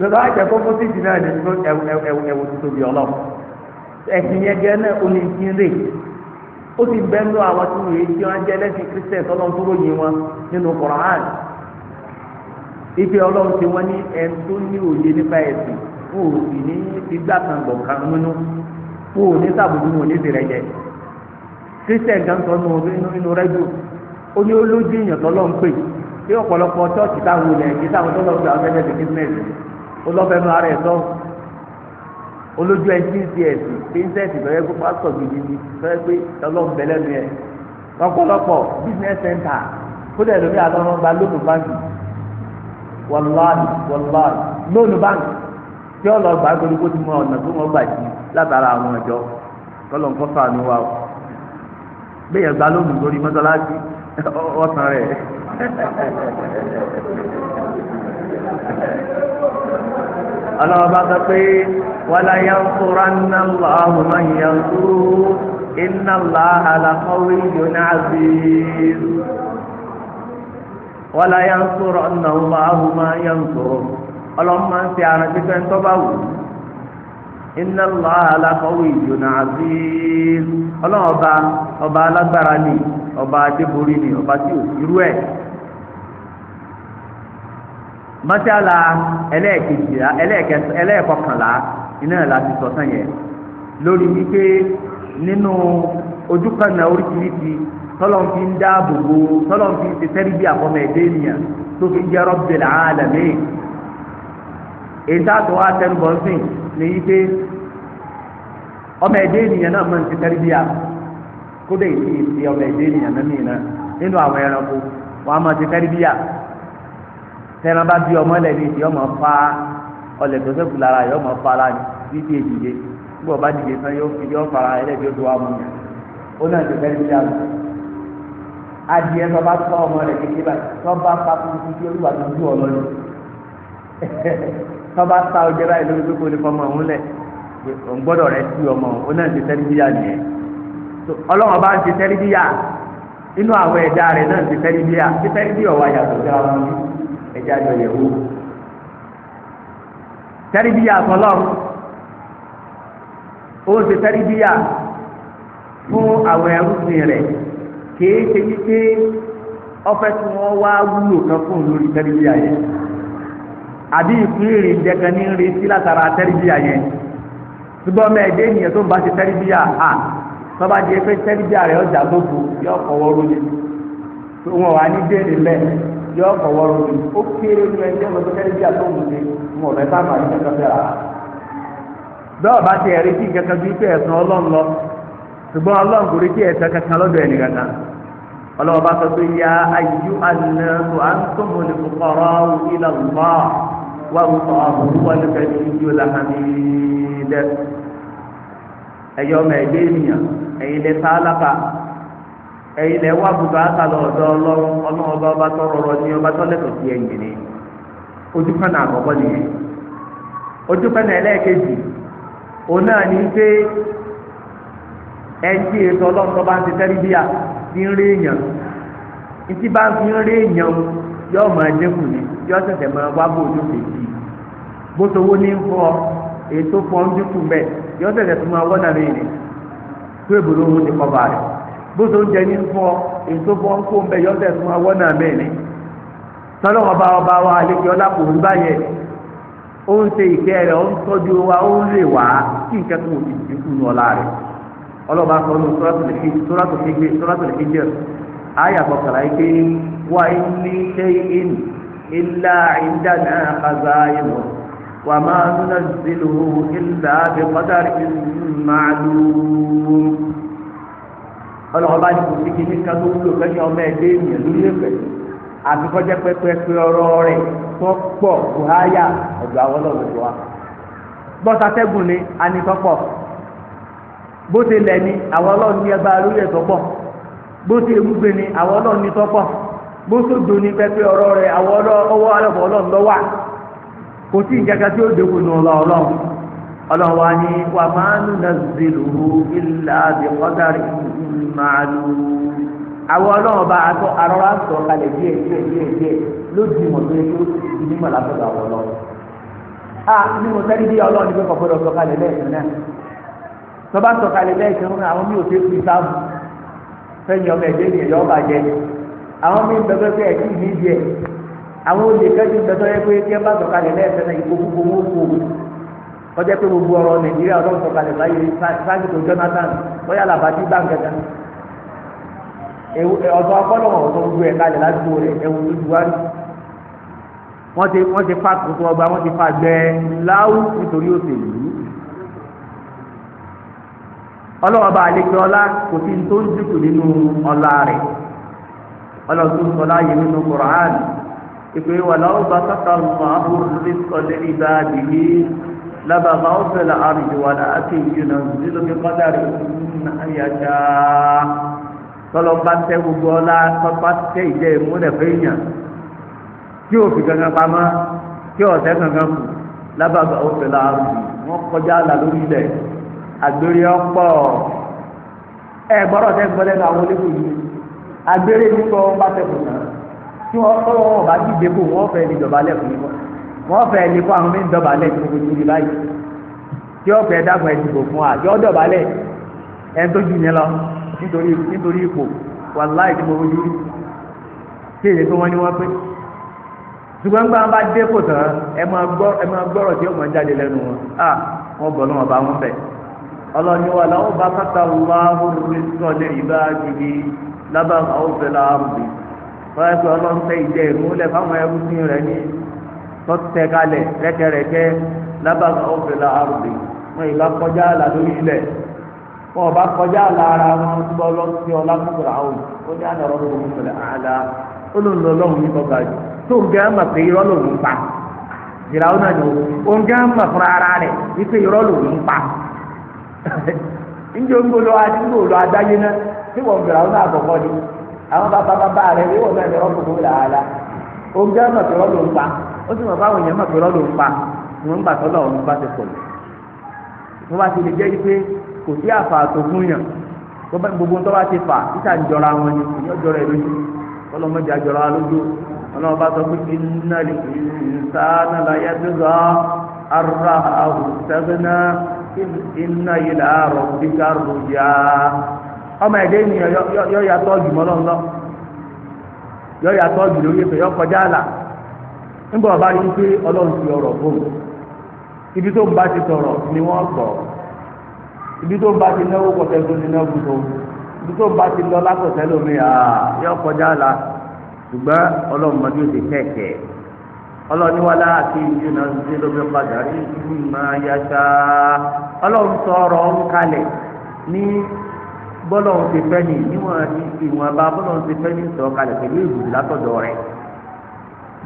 lọ́dọ̀ àjẹ́ kó fún títì náà ní ẹ̀wù ó sì bẹ́ẹ̀ lọ àwọn tí wòye tí wọ́n jẹ́ lẹ́sìn kírísítẹ̀ tọ́lọ́n tó ròyìn wọn nínú Koran ife ọlọ́run ti wọ́n ní ẹn tó ní òye nípa ẹ̀sìn o òsì ní igbá kan gbọ̀kan nínú fún òní sàbùdù ní òní bẹ̀rẹ̀ jẹ kírísítẹ̀ gan sọ nínú nínú rẹ́díò ó ní olójú èèyàn tọ́lọ́n pè tí ọ̀pọ̀lọpọ̀ chọ́ọ̀chì táwọn olè kí táwọn tọ́lọ́n pè àwọn ẹgbẹ́ olójú ẹ ti ń ṣe ẹ̀sìn píńsẹ̀sì lọ́yẹ́ pé pásítọ̀ gidi ni lọ́yẹ́ pé ọlọ́run bẹ̀lẹ́ nu yẹn lọ́pọ̀lọpọ̀ business center kódà ẹlòmíì àtọ́nà gba lónù báńkì wàláì wàláì lónù báńkì tí ọ̀lọ́ gbà torí kó ti mọ ọ̀nà tó wọ́n gbà jí látara àwọn ọ̀jọ́ kọ́lọ̀ nǹkan fà ní wa o bẹ́ẹ̀ gba lónù lórí mọ́sálásí ọ̀sán rẹ̀ ọlọ́wọ́ bá sọ pé wala yansuranna Allahu man yansuruhu inna Allaha laqawiyyun aziz wala yansuranna Allahu man yansuruhu ọlọ́wọ́ máa ń ṣe ara pípẹ́ ń tọ́ bá wù inna Allaha laqawiyyun aziz ọlọ́wọ́ bá ọba alágbára ni ọba adébórí ni ọba tí ò irú ẹ̀ mọ́sálà ẹlẹ́ẹ̀kejìlá ẹlẹ́ẹ̀kọkànlá iná la ti sọ sàn yẹn lórí wípé nínú ojúkànnà oríṣiríṣi tọ́lọ́n fi ń dáàbò bo tọ́lọ́n fi ń ṣe tẹ́lí bí àkọ́mọ ẹ̀dẹ́ ènìyàn tó fi ń jẹ́ Rabbil alamin èyí tá a tó wá tẹnu bọ́ sí ni wípé ọmọ ẹ̀dẹ́ ènìyàn náà máa ń ṣe tẹ́lí bí à kódà èyí ti ọmọ ẹ̀dẹ́ ènìyàn náà nínú àwọn ẹranko wọn a máa ṣe tẹ́lí bí à tẹ́ran bá bí ọmọ ẹlẹ́ni ìdí ọmọ fa ọlẹ̀ tó sẹ́kù lára yọ ọmọ fa ara bí bí èdìdé bí ọba dìde tán yóò fi yọ fara ẹlẹ́bi odò amú yẹn ó náà ti fẹ́ẹ́ di àlù adìẹ tó bá tọ́ ọmọ rẹ̀ kékeré báyìí tó bá fa tuntun tí olúwa tó dùn ọ̀lọ́ ni tó bá sa ọjọ́ báyìí lórí pípọ̀ ní fọmọ òun lẹ̀ òun gbọ́dọ̀ rẹ̀ sí ọmọ òun náà ti fẹ́ẹ́ di àlù yẹn ọlọ́wọ́n bá ń ti fẹ́ẹ́ di yà inú àwọn ẹ̀dá rẹ̀ náà ti fẹ́ẹ́ di yà ti fẹ́ẹ́ di ọ̀wá yàtọ̀ ẹjẹ àjọ yẹ̀wò tẹ́rìbíyà àtọ́lọ́ ó ṣe tẹ́rìbíyà fún àwọn ẹrúsìn rẹ̀ kìí ṣe wípé ọfẹ́ wá wúlò kan fún lórí tẹ́rìbíyà yẹn àbí ìpín ìrìn ní rẹ̀ ọjà yọ bọ̀wọ́ lórí ó kéré ní ẹjẹ́ ọmọdé kẹ́lẹ́ bí àtọ́wò ṣe wọn ọ̀bẹ bá màá ṣe kẹfẹ́ rà. bẹ́ẹ̀ bá ti ẹ̀rí kí kankan bí pé ẹ̀sán ọlọ́run lọ ṣùgbọ́n ọlọ́run kò rí kí ẹ̀sán kankan lọ́dọ̀ ẹ̀nì kankan. ọlọ́run bá sọ pé ya ayú alẹ́rù àtúntò lè kọ́kọ́rọ́ ilà wà wà wùtọ́ àbúrú wà lè fẹ́ẹ́ ní ìjọ làhàmìlẹ́ ẹ̀yọ́ mẹ́ẹ̀ẹ́dẹ́ ẹ̀yin lẹ wá gbogbo àkàlọ ọ̀dọ̀ Ọlọ́run Ọlọ́run ọba ọba tọrọ ọ̀rọ̀ ní ọba tọlẹtọ sí ẹ̀yìn ni ojú kan náà àkọ́kọ́ nìyẹn ojú kan náà ẹlẹ́ẹ̀kejì òun náà ní pé ẹtí ètò Ọlọ́run tó bá ń ti tẹrí bíyà ti ń rí èèyàn bá ń fi ń rí èèyàn yóò máa dínkù ni yóò máa wá bó ojú bó ní ń fọ ètò bẹ́ẹ̀ bóso ń jẹ ní fún ọ èso fún ọ ń kó ń bẹ yọtẹ fún awọ náà mẹ́rin tọ́lọ́ ọba ọba wa àlejò ọlá kò ń báyẹn ó ń ṣe ìkẹ́ rẹ̀ ó ń tọ́jú wa ó ń lè wá kí nǹkan tó ti ti kú lọ́la rẹ̀ ọlọ́ba sọ ní sọ́ràtò kékeré sọ́ràtò kékeré ayé àkọkàrà yìí pé wà ní ṣẹ́yìn ilá ìdáná àkàzà ìlú wà máa ń nà sílùú ilá àbẹ̀kọ́dà ìlú màálùú. ọlọ́wọ́ bá kò sí kíní kan tó wúlò fẹ́ ọmọ ẹgbẹ́ ènìyàn lórí ẹ̀fẹ̀ àfikọ́jẹ́ pẹ́pẹ́pẹ́ ọ̀rọ̀ rẹ̀ tó pọ̀ buhaya ọ̀dọ̀ àwọn ọlọ́wọ́ wa bọ́sàtẹ́gùn ni anitọ́pọ̀ bó ti lẹ̀ ni àwọn ní ẹgbàá lórí bó ti ewúgbe ni àwọn ní tọ́pọ̀ bó tó do ni rẹ̀ àwọn ọwọ́ ọlọ́wà ni wà máa ń nà zèlúhu ilà àbíkọ́dárì màálù. àwọn ọlọ́wọ́n bá aṣọ arọ́rọ́ sọ kalẹ̀ díẹ̀ díẹ̀ díẹ̀ díẹ̀ lójú ìmọ̀tò ètò ìdímọ̀ látọ̀dọ̀ àwọn ọlọ́wọ́. a ní mo sẹ́ni bí ọlọ́wọ́ ni pé kọ̀ọ̀kan lọ sọ kalẹ̀ lẹ́ẹ̀kan náà. tọ́ba sọ kalẹ̀ lẹ́ẹ̀kan náà àwọn mi ò fẹ́ fi sáàmù fẹ́yìn ọmọ ẹ̀jẹ̀ ni ẹ̀yọ́ kọjá pé gbogbo ọ̀rọ̀ nàìjíríà ọlọ́run sọ̀kalẹ̀ báyìí sáàjì tó Jonathan bóyá làbájú bá ń gẹ̀gẹ̀ ọ̀dọ̀ akọ́lọ́wọ̀n ọ̀dọ̀ gbogbo ẹ̀ kalẹ̀ ládùúgbò rẹ̀ ẹ̀wù lójú wa rí wọ́n ti wọ́n ti fa kòtò ọgbà wọ́n ti fa gbẹ láwù nítorí òṣèlú ọlọ́wọ́n bá àlejò ọlá kò sí tó ń dìkù nínú ọlá rẹ̀ ọlọ́run tó ń sọ láàyè nínú Kùránì ìpè wà láwùbá sọ́kà ọ̀hún àbúrò lórí sọ́ọ́ لبغوا في الأرض ولكن ينزل بقدر ما يشاء tọlọmba tẹ gbogbo ọlá tọpa tẹ ìjẹ ìmúlẹ fẹyìn tí òfin gangan pamọ́ tí ọsẹ gangan kù lábàgbà òfin la rù wọn kọjá àlà lórí ilẹ̀ àgbèrè ọ̀pọ̀ ẹ gbọ́dọ̀ tẹ gbọdẹ ní àwọn olóko yìí àgbèrè nípa ọba tẹ kù náà tí wọn tọwọ wọn bá dìde kó wọn fẹẹ di ìjọba lẹkùn yìí wọ́n fẹ́ lè kó àwọn mí dọ̀bálẹ̀ tó kó jùlọ báyìí tí ó fẹ́ dàgbà ìdìbò fún wa yọ dọ̀bálẹ̀ yẹn lọ nítorí nítorí ipò wàláì tó kó jùlọ èyí tó wọ́n ní wọ́n pé ṣùgbọ́n gbọ́n bá dé kò tán ẹ máa gbọ́rọ̀ tí ó máa jáde lẹ́nu wọn wọ́n bọ̀ lọ́wọ́ bá wọn bẹ̀ ọlọ́ni wa làwọn bá kàtà wá ìbá tọ́tẹ̀ kalẹ̀ rẹ́kẹrẹ́kẹ́ lábàgbà òfìlà àrùbí wọn ìbá kọjá àlà lórí ilẹ̀ wọn ò bá kọjá àlà ara wọn tó bọ́ lọ́sí ọlá kúkúrà àwọn ó ní àná ọ̀rọ̀ lórí ìfẹ̀lẹ̀ àlà ó ló ń lọ lọ́hùn yìí tọ́ka jù tó ń gẹ́ mà pé irọ́ lòún ń pa ìrà ó náà ní o ń gẹ́ mà fúnra ara rẹ̀ wípé irọ́ lòún ń pa njẹ́ ń gbolo adi ń gbolo adáyé náà tí wọ́n gbèrà ó náà ni àwọn bàbá bàbá rẹ̀ wíwọ̀n náà ní ó sì mọ̀ báwọn èèyàn mọ̀ pé lọ́dún ń pa wọ́n ń gbà tọ́lọ̀ ọ̀run bá ti pọ̀ yìí wọ́n bá ti lè jẹ́ pé kò sí àfà tó fún yàn gbogbo tó bá ti fà títà ń jọra wọn ni ìyẹn ó jọra ẹ lójú ọlọ́mọdé àjọra lójú ọlọ́wọ́ bá sọ pé iná lè fi sáánà láyé dúdú ara àwùsẹ́gbẹ́ná iná ilà àrò bíkà rògbìá ọmọ ẹ̀dẹ́ ènìyàn yọ yàtọ̀ jùmọ́ lọ́nà yọ yàtọ̀ jùlọ nígbà wọn bá rí pé ọlọ́run fi ọ̀rọ̀ fóun ibi tó ń bá ti sọ̀rọ̀ ni wọ́n gbọ́ ibi tó ń bá ti náwó kọ̀tẹ́ tó ti náà gbùtò ibi tó ń bá ti lọ lákọ̀tẹ́ lómi yọ kọjá la ṣùgbọ́n ọlọ́run mọ̀ bí ti kẹ̀kẹ́ ọlọ́ni wa láti ìlú náà ń dé lómi padà rí ìlú máa ya ṣá ọlọ́run sọ̀rọ̀ ń kalẹ̀ ní bọ́lọ̀ ń ti fẹ́ ní níwọ̀n ìwọ̀nba bọ́lọ̀ ń ti fẹ́ ní sọ̀kalẹ̀ pẹ̀lú ìlú látọ̀dọ̀ rẹ̀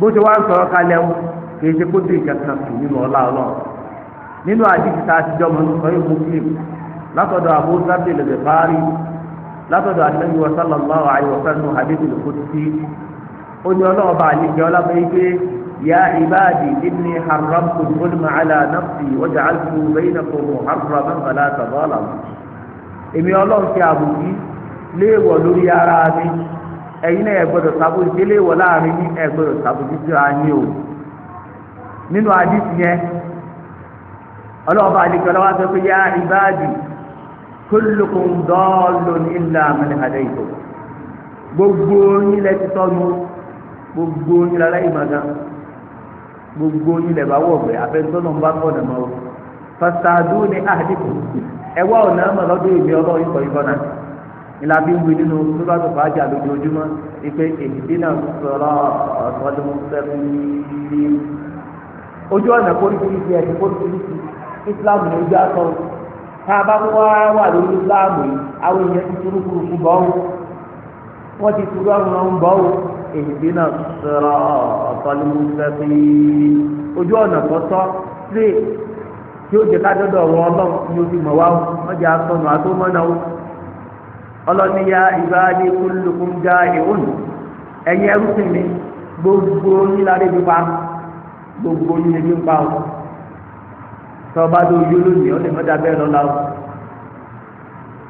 bó ti wá ń sọ̀rọ̀ kalẹ̀ o kìí ṣe kó tó ìkẹta sùn nínú ọlá ọlọ́run nínú àdìsí tá a ti jọmọ ní sọyún muslim látọ̀dọ̀ Abu Dharr al-Ghifari látọ̀dọ̀ Ànábì wa sallallahu alaihi wa sallam hadith al-qudsi ó ní ọlọ́run bá àlejò ọlọ́pàá yìí pé ya ibadi inni haramtu zulma ala nafsi wa ja'altu bainakum muharraman fala tadalamu èmi ọlọ́run ti àbùkí léèwọ̀ lórí ara mi. ẹ̀yin náà ẹ gbọ́dọ̀ sàbójú délé wọ láàrin ní ẹ gbọ́dọ̀ sàbójú síra ní o nínú àdìsí yẹn ọlọ́ọ̀bá àdìsí ọlọ́wà sọ pé yá ìbáàdì kullukum dallun illa man hadaytum gbogbo yín lẹ ti tọ́nu gbogbo yín lẹ aláìmọ̀gá gbogbo yín lẹ bá wọ̀ bẹ́ẹ̀ abẹ́ntọ́nà ń bá ẹ̀wọ́ ọ̀nà lọ́dún ìgbé ìlà bí wí nínú sọ́dọ̀tò fàájà lójoojúmọ́ ìpè ìdínà sọ̀rọ̀ ọ̀sọ́dún sẹ́fúnì. ojú ọ̀nà kórìkìrìsì ẹ̀sìn kórìkìrìsì islam ní ojú àtọ́ tá a bá wá wà lórí islam yìí àwọn èèyàn ti turu kúrukú bọ́ ọ́ wọ́n ti turu àwọn ọ̀hún bọ́ ọ́ ìdínà sọ̀rọ̀ ọ̀sọ́dún sẹ́fúnì. ojú ọ̀nà tọ́tọ́ sí tí ó jẹ́ ká dọ́dọ̀ ọ̀rọ̀ ọlọ́run ni ó fi mọ̀ wá ó wọ́n jẹ́ asọ̀nù àtọ́mọ́nà ó ọlọ́ni ya ìbáde kúlùkùn já ìhùn ẹ̀yin ẹrúsìn mi gbogbo níláre bí pa gbogbo nílé bí pa o bá tó yó lónìí ó lè bẹ́ẹ̀ lọ́la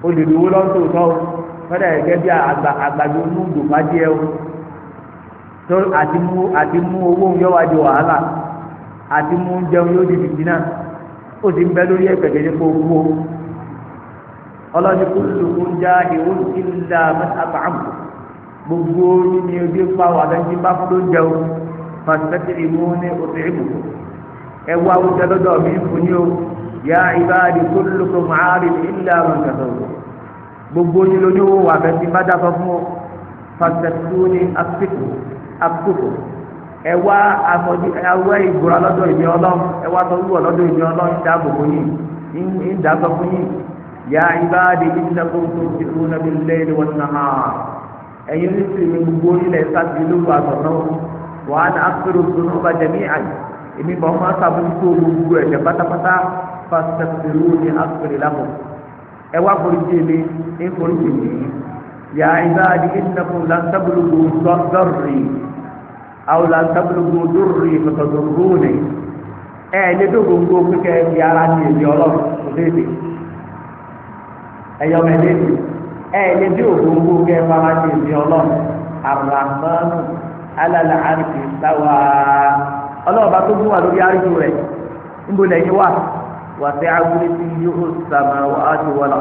o o lọ́tò tọ́ o fẹ́rẹ̀ gẹ́gẹ́ bí àgbàdo mú o tó àti mú owó di wàhálà àti mú oúnjẹ yóò di bìbí náà ó ti ń bẹ lórí ọlọ́ni kúlù kún já ìwọ ìlà mẹ́tàbàmù gbogbo ní ojú pa wà lẹ́yìn bá fún lóúnjẹ o fàtẹ́tì ìmú ní òfin ìmú ẹ wá oúnjẹ lọ́dọ̀ mi fún yín o yá ìbáàdì kúlù kún màárì ìlà mẹ́tàbàmù gbogbo ní lójú wà lẹ́yìn bá dáfọ́ fún o fàtẹ́tì ní asíkù asíkù ẹ wá afọjú ẹ wá lọ́dọ̀ ìmí ọlọ́run ẹ wá sọ wúwọ̀ lọ́dọ̀ ìmí ọlọ́run dáàbò يا عبادي إنكم تمسكون بالليل والنهار أي نسي من قبول إلى سبيل وأنا أغفر الذنوب جميعا إني بما سبقوا بقوة بطا بطا فاستغفروني أغفر لهم أوا فرجيني إن فرجيني يا عبادي إنكم لن تبلغوا ضري أو لن تبلغوا ضري فتضروني ẹ̀ ẹ́ lé dógóńgó pé kẹ́ ẹ fi ara ní èmi ọlọ́run kò déédéé. ẹ̀yọ́ mẹ́lẹ́ni ẹ̀yẹ bí ògbóngbó kẹ́ ẹ fara ṣe ìbí ọlọ́run àràmánù alàlà àrùkì sáwà ọlọ́ọ̀bá tó gún wa lórí àrùkì rẹ̀ níbo lẹ́yìn wà wàtí awúrẹ́ ti yóò sàmà wà á ti wọlé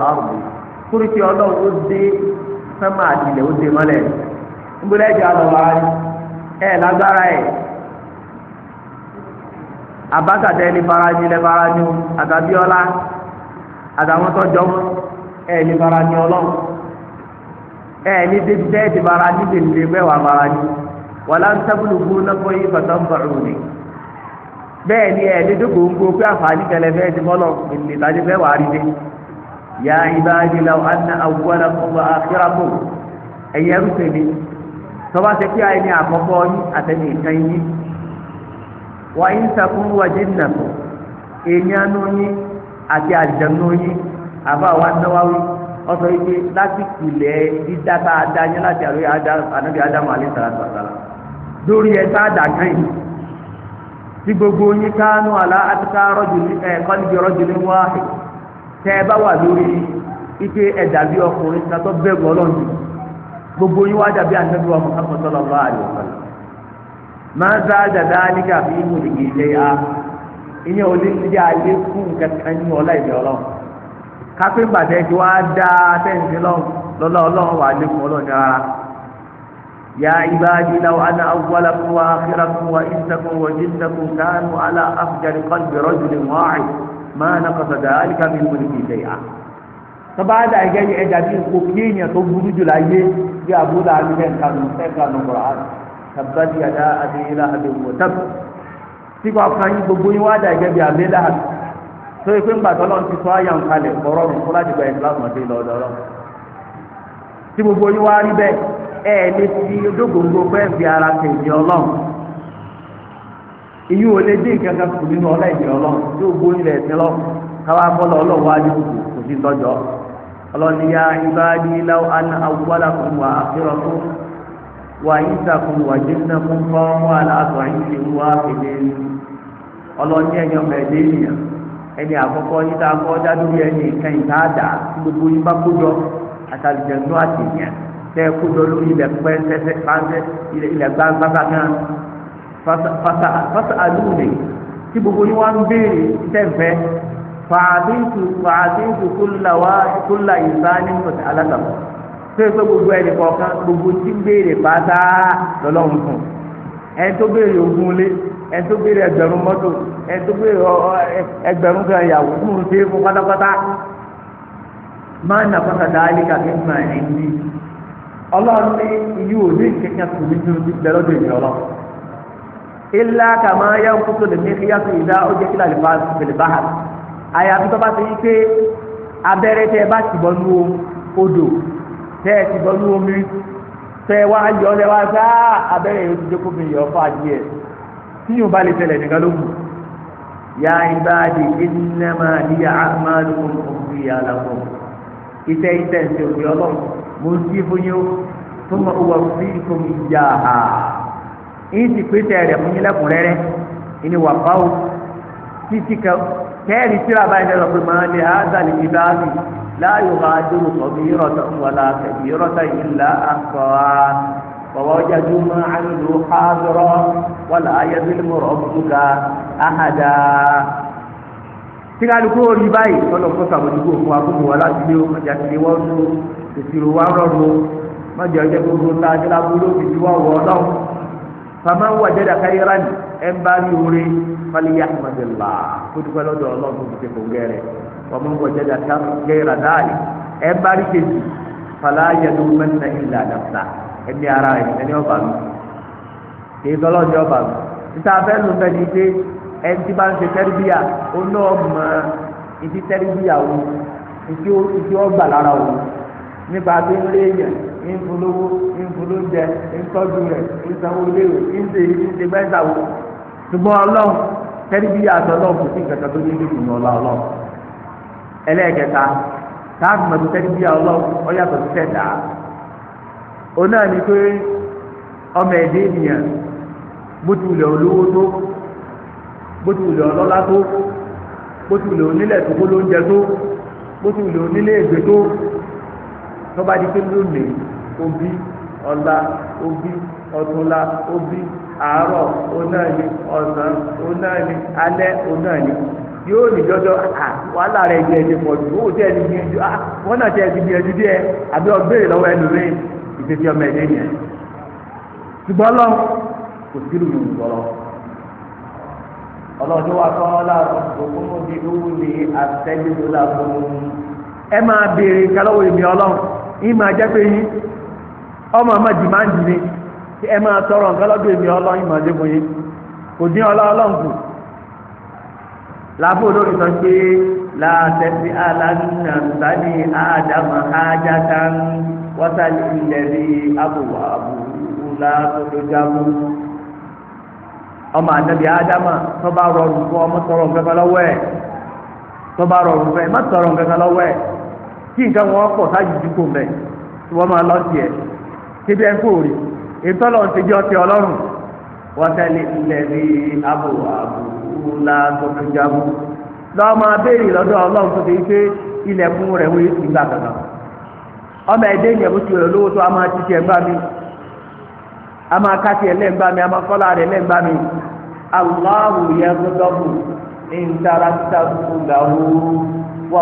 kúrìtì ó dé ó dé níbo wa lágbára ni ẹ ní bara ní ọlọ́run ẹ ní débi bẹ́ẹ̀ ti bara ní tèlé mẹ́wàá bara ní wàlá ń sábúlù fún lọ́kọ́ yìí bàtà ń bàrù ni bẹ́ẹ̀ ni ẹ ní dókòó ń gbó pé àǹfààní kẹlẹ́ fẹ́ẹ́ ti mọ́lọ̀ èlé tàbí mẹ́wàá rí dé yà ìbáraẹni làwọn àna àwùwọ́lá fún àkírà kù ẹ̀yẹ rúfẹ́ mi tọ́ba ṣe pé àìní àkọ́kọ́ yín àtẹ̀mí ìkan yín wà ń sàkún wàjú nàkùn yín àti àjẹmú yín àfa wa náwáwí ọsọ ike láti kulẹ̀ dídá tá a dá yẹn láti àlóyè ànábì ádámù alẹ́ sàlàtà sàlà lórí ẹ tá a dà kàn yìí tí gbogbo yín kánú àlá àtúkà rọ́jùlí ẹ kọ́lìbì rọ́jùlí wáhì tẹ́ ẹ bá wà lórí ike ẹ̀dà bí ọkùnrin kátó bẹ́ẹ̀ bọ́ lọ́nù gbogbo yín wá dàbí ànábì wa Muhammad sallallahu alaihi wasallam máa ń sáájà dáníkà fún ìmúlẹ̀ gèdè yá ìyẹn ò ní di àlékún kankan ní ọlá ìbẹ̀rẹ̀ ọlọ́run kápẹ́ gbàtẹ́ tí wàá dá sẹ́ǹtì lọ́lọ́ ọlọ́run wà lẹ́kùn ọlọ́run rárá. يا عبادي لو أنا أولكم وآخركم وإنسكم وجنكم كانوا على أفجر قلب رجل واحد ما نقص ذلك من ملكي شيئا tọ́bàdà ẹ̀jẹ̀ yẹ ẹ̀jà bíi kò kí èèyàn tó burú jù láyé bí àbúrò àbílẹ̀ nkànú ẹ̀kànú kọ̀ọ̀ àrùn tàbátì àdá àdéhìlá àdéhùwọ̀ tàbí. tí kò kan yín gbogbo yín wá dà ẹ̀jẹ̀ bíi àbílẹ̀ àbí tó yẹ pé ńgbà tó lọ́n ti sọ ọrụ ń kalẹ̀ ọ̀rọ̀ mi fún láti gba ìsìlámù ọdẹ lọ́dọ̀ lọ. tí gbogbo yín wá rí bẹ́ẹ̀ ẹ ẹ lè fi dógóńgó fẹ́ fi ara kejì ọlọ́run. ìyún ò lè dín kankan kù nínú ọlá ìdí ọlọ́run tí ó gbóyún rẹ̀ sí lọ káwá bọ́lá ọlọ́run wá ya ẹni àkọ́kọ́ yín tá a kọ́ dádúró ẹni nǹkan ìta àdá tí gbogbo yín bá kójọ àtàlùjẹ̀nu àtìyàn tẹ́ ẹ kójọ lórí ilẹ̀ pẹ́ńtẹ́sẹ́ pàǹtẹ́ ilẹ̀ gbàgbàgbà kan fasa àlùmí tí gbogbo yín wá ń béèrè tẹ́ǹfẹ́ fàdínkù fàdínkù kúláwá kúlá ìsáni pẹ̀tẹ́ alátàmọ́ tó yẹ pé gbogbo ẹnì kọ̀ọ̀kan gbogbo tí ń béèrè pátá lọ́lọ́run fún un. ẹni tó béèrè ogún lé ẹni tó béèrè ẹgbẹ̀rún mọ́tò ẹni tó béèrè ẹgbẹ̀rún kan ìyàwó fún un ṣe fún pátápátá máa ń nàkọ́ta dáálé kàkí ń máa ní ọlọ́run ní ìyú òní kẹ̀kẹ́ kù ní ti bẹ̀rẹ̀ lọ́dọ̀ ìyọ̀ lọ. ilá kà máa yẹ ń kótó lèmi kí ìdá ó àyàfi tó bá ti yí pé abẹ́rẹ́ tẹ́ bá ti bọ́ nú odò tẹ́ ti bọ́ nú omi tẹ wá yọ lẹ wá sá abẹ́rẹ́ yóò ti dé kó mi yọ fún adìyẹ tí yóò bá lè tẹ̀lé nìkan ló kù. ya ibadi innama hiya a'malukum ukhfiya lakum iṣẹ́ iṣẹ́ ṣe òbí ọlọ́run mo ń sí fún yín fún mi wà sí ìkọm ìyá ha èyí ti pèsè rẹ̀ fún yín lẹ́kùnrẹ́rẹ́ ìní wà báwo títí kan kẹ́ẹ̀rì tíra báyìí lẹ́nu pé máa lè ága lè fi dáàbì láàyò ha dúró sọ̀bí ìrọ̀tà ńwọ̀lá kẹ̀bí ìrọ̀tà ìlà àkọ́ a bọ̀wọ́ jáde máa ń lò ha dọ́rọ́ wàlà ayélujára mọ̀rọ̀ ọ̀bùnúkà áhàdá. tíkaluku orí báyìí tọ́lọ̀ fún sàmójúkú fún akókò wa láti lé wọn jà sílé wọn lò ìṣirò wa rọrùn mọ̀jọ́ jẹ́ gbogbo ta adélábúrò ìdíwọ́ wọ̀ ọ́ ẹ ń bá rí oore fali yahmadulá kótópẹ́ lọ́dọ̀ ọlọ́run ti kò gẹ́rẹ́ ọmọ nǹkan jẹ́jà ká gẹ́rà dáàlì ẹ ń bá rí kejì fala yẹnu mẹ́ta ìlà dàpta ẹni ara rẹ̀ ẹni ọba mi kì í tọ́lọ́ ní ọba mi títa fẹ́ ló fẹ́ di pé ẹni tí bá ń ṣe tẹ́rìbíyà ó ná ọmọ ìdí o ìdí ọgbà lára o nípa pé ń léèyàn ń fún ń fún lóúnjẹ ń tọ́jú rẹ̀ ń sanwó léwu ń ṣe ń ṣe gbẹ́sàwó ṣùgbọ́n ọlọ́run tẹ́lí bí yàtọ̀ ọlọ́run kò sí ìkẹta tó délé ìdùnnú ọlá ọlọ́run ẹlẹ́ẹ̀kẹta táàbù mọ̀tò tẹ́lí bí ọlọ́run ọyàtọ̀ tẹ̀dá òun náà ni pé ọmọ ẹ̀dẹ́ ènìyàn bótúlẹ̀ olówó tó bótúlẹ̀ ọlọ́lá tó bótúlẹ̀ onílẹ̀ tó kó lóúnjẹ tó bótúlẹ̀ onílé ègbè tó tọ́ba di pé lónìí obi obi obi. àárọ̀ onáàní ọ̀sán ni alẹ́ yóò ní jọjọ wàhálà rẹ̀ jẹ́ jù tí ẹni gbìyànjú wọn náà tẹ ẹni gbìyànjú díẹ̀ àbí ẹnu ọmọ yẹn ṣùgbọ́n lọ kò sí lùmù gbọ́rọ̀ ọlọ́dún wa kọ́ láàrọ̀ òkú mú di owó ní àtẹ́jú láàbùn ẹ máa béèrè kálọ́wọ́ ọlọ́run ìmọ̀ ọmọ ọmọ ni. ẹ máa tọrọ nǹkan lọ́dún èmi ọlọ́run ìmọ̀lẹ́ fún yín kò dín ọlọ́run kù làbó olórí sọ pé làtẹ̀sí alánà sani àdàmà ájáta ń ìlẹ̀rí àbùwà àbùwù látọ̀tọ̀ ọmọ tọ́ba rọrùn fún ọmọ tọrọ lọ́wọ́ ẹ̀ tọ́ba rọrùn fún má tọrọ lọ́wọ́ ẹ̀ kí nǹkan wọn pọ̀ sáyé mẹ́ tí wọ́n ìtọ́lọ̀ ti jẹ́ ọtí ọlọ́run wọ́n tẹ́lẹ̀ ilẹ̀ ní abo àbúrú lágbókèjáwó lọ́wọ́ máa béèrè lọ́dọ̀ ọlọ́run tó ti ṣe ilẹ̀kùn rẹ̀ wọ́n ìgbà kankan ọmọ ẹ̀dẹ́ ìyẹn bó ti rẹ̀ lówó a máa ti mi a máa ká tiẹ̀ lẹ́ mi a máa kọ́lá rẹ̀ lẹ́ ń bá mi aláwo yẹ gbọdọ̀bù ìntarakita gbogbo wà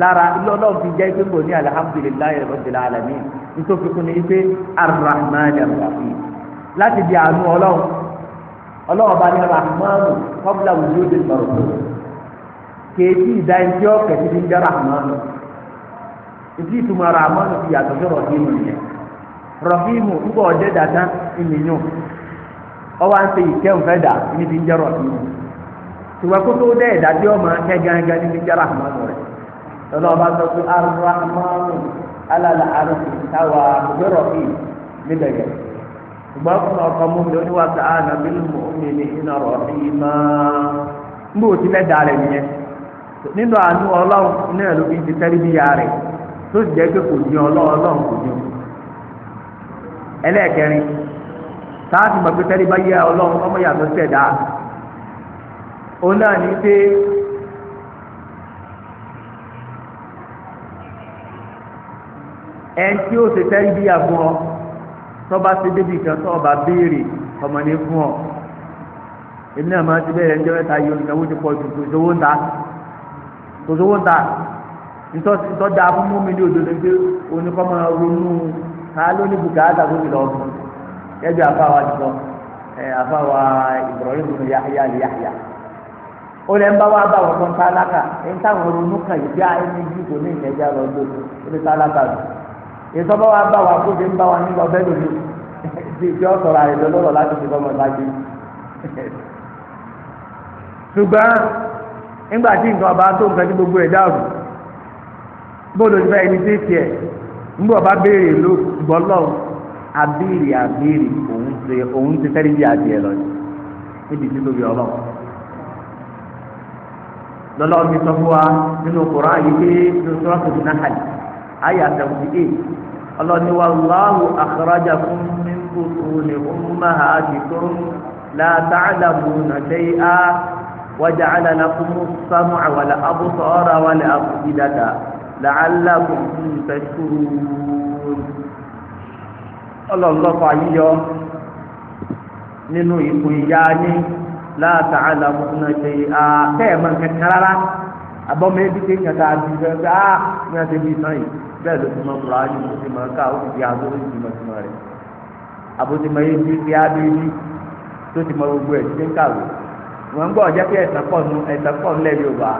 lára lọ́lọ́run fi jẹ́ pé mo ní alihamudulilayi rabbil alamin nítorí kún ní pé arahmani rafi láti di àánú ọlọ́run ọlọ́run bá ní rahmanu kọ́bílà wùdúró lọ́rùn kéétì ìdáyẹ̀ntì ọ̀kẹ́ ti di ń jẹ́ rahmanu ìdí ìtumọ̀ rahmanu ti yàtọ̀ sí rọ̀hìmù yẹn rọ̀hìmù nígbà ọ̀jẹ̀ dàda ìmìyàn ọwọ́ à ìkẹ́hùn fẹ́ dà níbi ń jẹ́ rọ̀hìmù tùwẹ́kótó dẹ́ ìdájọ́ ọmọ ẹ̀gángan níbi ń jẹ́ rahmanu rẹ̀ ọlọ́ọ̀bá sọ pé arahamu alala arusi táwa yọrọ fi níbẹ̀ yẹn ṣùgbọ́n fún ọkọ mú mi oníwà sọ àná bílí mú mi ní iná rọ̀ fi máa ń bò tí mẹ́ta rẹ̀ nìyẹn nínú àánú ọlọ́run náà ló fi ti rẹ̀ tó sì jẹ́ pé kò ọlọ́run ẹlẹ́ẹ̀kẹrin sáàtì mọ̀ pé bá yẹ ọlọ́run ọmọ yàtọ̀ sẹ̀dá ẹn tí ó ṣe tẹ́rí bí àfún ọ tọ́ba ṣe débi kan tọ́ba béèrè ọmọ ní fún ọ èmi náà máa ti bẹ́ẹ̀ ẹjọ́ mẹ́ta yìí olùkọ́ ti pọ̀ ju tòṣòwò ń ta tòṣòwò ń ta ntọ́ da fún mú mi ní òdodo pé ronú ká ló ní bùkátà tó ti lọ ó lẹ́ ń bá bá táwọn ronú a ẹni kò ní ó ìsọ́bọ̀ wa bá wa kó fi ń bá wa nígbà ọbẹ̀ lòlù ti ìjọ sọ̀rọ̀ àìsàn lọ́rọ̀ láti fi fọmọ ìbájú. ṣùgbọ́n nígbà tí ọba tó nǹkan tí gbogbo ẹ̀ dáàbò bóòlù ìfẹ́ ẹni tí tiẹ̀ nígbà ọba béèrè ló gbọ́ abéèrè abéèrè òun ti di lọ níbi tí mi sọ fún wa nínú yìí àyà seventy eight ọlọ́ni wàlláhu akhrajakum min butuni ummahatikum la ta'lamuna shay'a wa ja'ala lakumus sam'a wal absara wal af'idata la'allakum tashkurun ọlọ́lọ́fà yíyọ nínú ìpò ìyá ní la ta'lamuna shay'a tẹ́ẹ̀mọ́ kankan rárá abọ́mọ ebi tẹ ìyàn tá a di fẹ́ fẹ́ ah ní ẹsẹ̀ bíi sàn yìí bẹ́ẹ̀ ló ti mọ kura ayé ló ti mọ ká ó ti di aago ó ti di mọ̀tìmọ̀ rẹ̀ àbòtìmọ̀ yé ti di abéyí tó ti mọ gbogbo ẹ̀ ti ń kàwé wọ́n ń gbọ́ ọ̀jẹ́ pé ẹ̀sán pọ̀ nù ẹ̀sán pọ̀ ńlẹ̀ Yorùbá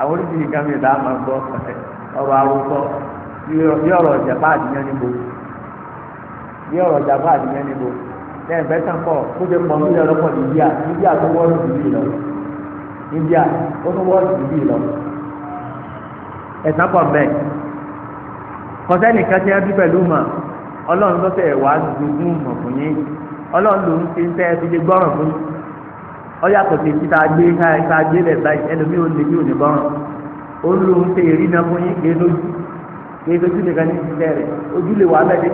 àwọn oríṣiríṣi nǹkan mi ìdá máa gbọ́ ọ̀rọ̀ àwòkọ́ bí ọ̀rọ̀ ọ̀jà bá àdìyàn níbo bí ọ̀rọ̀ ọ̀jà bá àdìyàn níbo lẹ́yìn bẹ́ẹ̀ sàn pọ̀ kó ṣe pọ̀ mílíọ̀nù lọ́pọ̀ ní India India tó wọ́ọ̀rù bìbì lọ India ó tó wọ́ọ̀rù bìbì lọ ẹ̀sán pọ̀ bẹ́ẹ̀ kọ́sẹ́nì ti mọ̀ ọlọ́run tó fẹ́ wàá mọ̀ fún yín ọlọ́run ló ń ń fi lè gbọ́ràn fún yín ọyà gbé ká gbé lẹ̀ báyìí ò lè ò ní gbọ́ràn ó ló ń èrí náà fún yín ké lójú ké lójú nìkan ní ti rẹ̀ ojú lè ọ̀ràn ọ̀pọ̀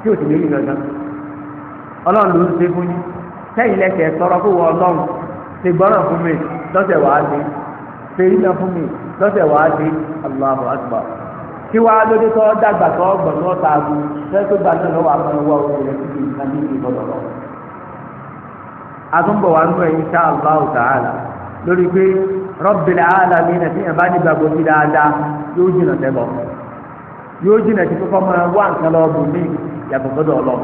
tí ò sì lè rí gangan ọlọ́run ló ń fún yín sẹ́yìn sọ̀rọ̀ lọ́sẹ̀ wàá dé Allahu Akbar kí wàá lóde tó dàgbà tó gbọ̀n tó ta agu sẹ́kọ̀ gba lọ́wọ́ àwọn ọmọ òkè rẹ̀ kí kìí kan ní ìbọ̀dọ̀ lọ. ahụ ẹ̀yìn sá Allahu ahụ lórí pé bá gbòógì dáadáa yóò jìnà yóò jìnà tí kókó máa wá nǹkan lọ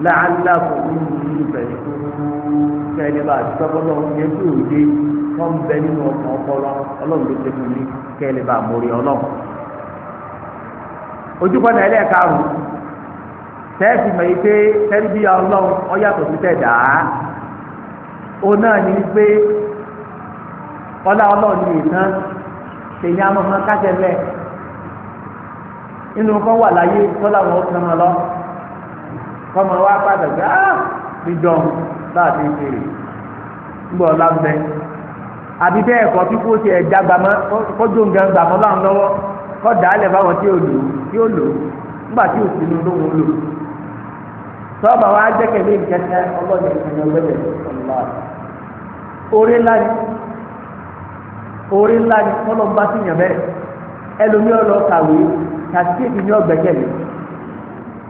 làálàkùn ní ìbẹ̀rù kẹ́lẹ́ bá àtúntàbọ̀lọ́ yẹn tí ò dé wọ́n bẹ nínú ọkàn ọpọlọ ọlọ́run ló ṣe fún mi kẹ́lẹ́ bá mórí ọlọ́run. ojúkọ́nà ẹlẹ́ẹ̀karùn-ún tẹ́ẹ̀sì mọ̀ yìí pé tẹ́lifíà ọlọ́run ọ̀yàtọ̀ sí tẹ̀dá náà ní pé ọlá ọlọ́run ṣèyí kájẹ́ lẹ̀ kan wà láyé kọ́mọ wa padà gbé ah dídán láti ìbéèrè ńgbọ́ lábẹ́ àbí bẹ́ẹ̀ kọ́ fífó ṣe ẹ̀já gbàmọ́ nǹkan gbàmọ́ lọ́wọ́ kọ́ fáwọn tí lò tí lò nígbà tí ló ń lò sọ́ọ̀bà wa jẹ́kẹ̀lé orí ńlá ni orí ńlá ni kọ́lọ́ bá sí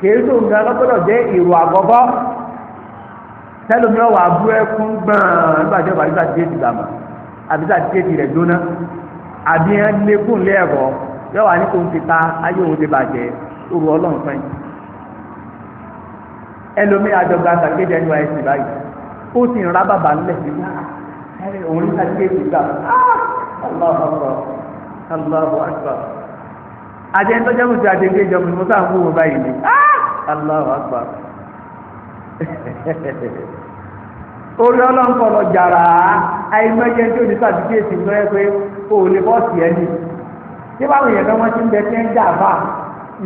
kìí nga nǹkan lọ́gbọ́dọ̀ jẹ́ ìrò àkọ́kọ́ tẹlifíwọ́n wà bú ẹkún gbọ̀n nígbà tí ọba ti gbàmà àbí ti rẹ̀ jóná àbí ẹ lékún yọ wà ní ń ti ta ayé òun ti bàjẹ́ òru ọlọ́run fẹ́ ẹlòmíì àjọgbà àtàkéjẹ ní wáyé sí báyìí ó sì ń ra bàbá ńlẹ̀ sí i ah, òun àti ẹni tó jẹ́ mùsùlùmí àti ẹgbẹ́ ìjọba ìmúta àwọn òwò báyìí ni ah! Allahu Akbar orí ọlọ́nkọ̀ lọ jàrá àìmọye tí oníṣẹ́ àdúgbò ti rẹ́ pé o ò lè bọ́ọ̀sì ẹ ní tí báwọn èèyàn kan wọ́n ti ń bẹ tí ń jà bá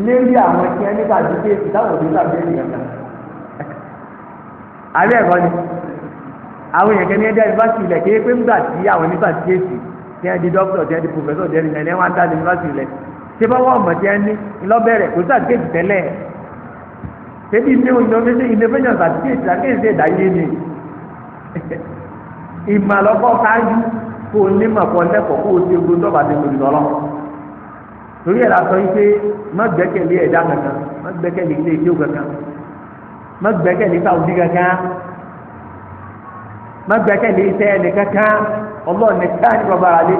lérí àwọn tí wọ́n nípa àdúgbò èsì táwọn òbí tàbí ènìyàn kan àbí ẹ̀kọ́ ni àwọn èèyàn kan ní ẹ̀dá yunifásitì ilẹ̀ kéé pé ńgbà tí àwọn nípa àdúgbò tí wọ́n di dókítà tí wọ́n di pòfẹ́sọ̀ tí wọ́n di ẹni wọ́n á dá yunifásitì ilẹ̀ ṣé bá wọ́n ọ̀mọ̀dé ẹni lọ́bẹ̀rẹ̀ kò sí àgéjì tẹ́lẹ̀ ṣébi mi ò yọ méjì ìnẹ́fẹ̀yàn sàtìkéjì àgéjì ìdáyé ni ìmàlọ́kọ́ káyú kó o ní màkọ́ lẹ́kọ̀ọ́ kó o ti gbó dọ́gba ti lòdì lọ́lọ́ torí ẹ̀ la sọ yìí pé má gbẹ́kẹ̀lé ẹ̀dá kankan má gbẹ́kẹ̀lé ilé ìjó kankan má gbẹ́kẹ̀lé sáwùdí kankan má gbẹ́kẹ̀lé iṣẹ́ ẹnì kankan ọlọ́ọ̀nì káyọ̀ bàbá rà lé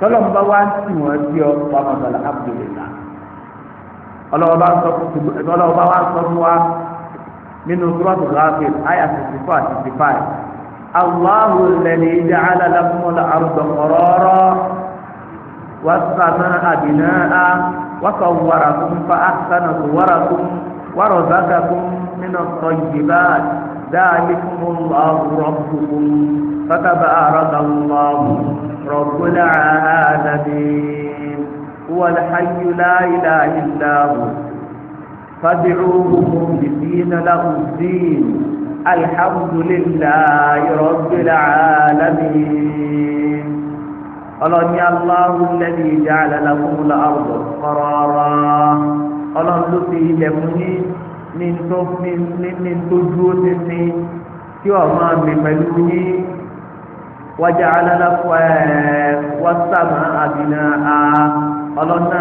tọ́lọ́mùbá wá sí wọn sí ọ wà mọ̀tàlá abdulilá ọlọ́wọ́bá wá sọ fún wa nínú sọ́ọ̀tù gáfíìn àyà sixty four sixty five aláwo lẹ́ni ìjà alálàmúlá àrùbọ̀ kọ̀rọ̀ọ̀rọ̀ wàsàmà àbínáà wàkàwàràkùn fa àkànà wàràkùn wàrọ̀zákàkùn nínú sọ̀yìnbá dáàlì fún wọn lọ́wọ́ rọ̀bùkùn fàkàbà àrọ̀dà wọn. رب العالمين هو الحي لا إله إلا هو فادعوه مخلصين له الدين الحمد لله رب العالمين ọlọ́ni aláwùlẹ́ni ìjà àlàlàkùn làárọ̀ kọ́rọ́ọ́rọ́ ọlọ́run ló fi ilẹ̀ mú ní ní tó dúró títí tí ọ̀ máa mi pẹ̀lú yín. wájàlá lakọ ẹ wọsàmà àbínà á ọlọ́nà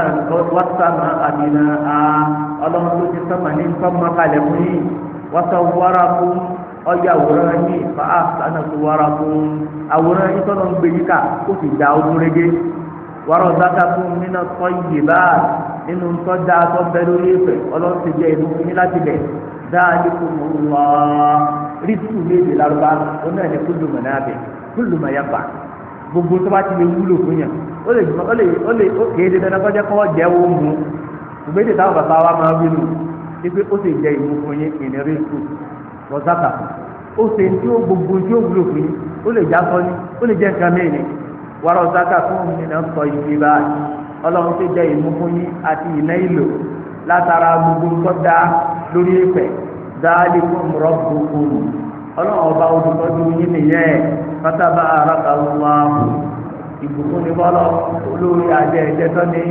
wọsàmà àbínà á ọlọ́nà tó ti sọ́mà ní sọ́mà kalẹ̀ fún yìí wọ́sọ̀ wọ́ra fún ọjà àwòrán yìí fa àṣàna tó wọ́ra fún àwòrán yìí tọ́nà ń gbé yìí ká ó sì dá ogun rege wọ́rọ̀ zaka fún nínú tọ́ báà nínú tọ́ tọ́ bẹ́ẹ̀ lórí ọlọ́run ti fún yín kúlù mà yàgbà gbogbo tó bá ti lè wúlò fún yàn ó lè ó lè ó lè ó kéé de dandan kọjá kọ́ jẹ́ wo mu ìgbé tètè àwọn bàbá wa máa wí nù ipe ó sì jẹ ìwú fún yín ìnírí sùn lọ́sàkà ó sì tí ó gbogbo tí ó wúlò fún yín ó lè já sọ ní ó lè jẹ́ nǹkan mẹ́rin wàrà ọ̀sàkà fún mi náà sọ ìdí báyìí ọlọ́run ti jẹ ìmú fún yín àti ìná ìlò látara gbogbo nǹkan dá lórí ìpẹ́ dáálé fún rọ́ọ̀bù fún mi ọlọ́run ọba olùtọ́jú yín nìyẹn pátábà arákàlùmọ́ ìbùkún ní bọ́lọ́ olórí adé ẹ̀jẹ̀ tó ní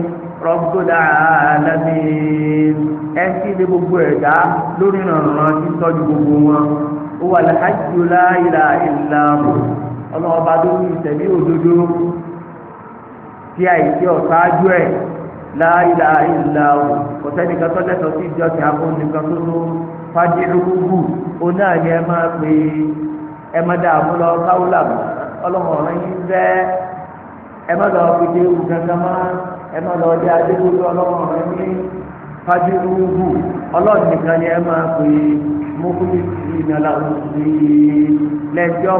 rọ́gbódà alámi ẹ̀ńtí lé gbogbo ẹ̀dá lórí ìrànràn tí tọ́jú gbogbo wọn ó wà láàjù láìlà ìlànà ọlọ́run ọba tó ní ìtẹ̀lé òdodo tí àìsí ọ̀sáájú ẹ̀ láìlà ìlànà kò sẹ́nìkan tó lẹ́tọ̀ọ́ sí ìjọ tí nìkan tó tó fájì lókùnkùn. oní a ẹ máa pe é ẹ má dà mú lọ káwùlà mọ ọlọ́run ọ̀rẹ́ yín fẹ́ ẹ lọ ewu kankan mọ́ ẹ má lọ dé adéwòlú ọlọ́run ọ̀rẹ́ yín fájúrú wù nìkan ni ẹ máa pè é mọ́kúlì sí ìnàlá lẹ́jọ́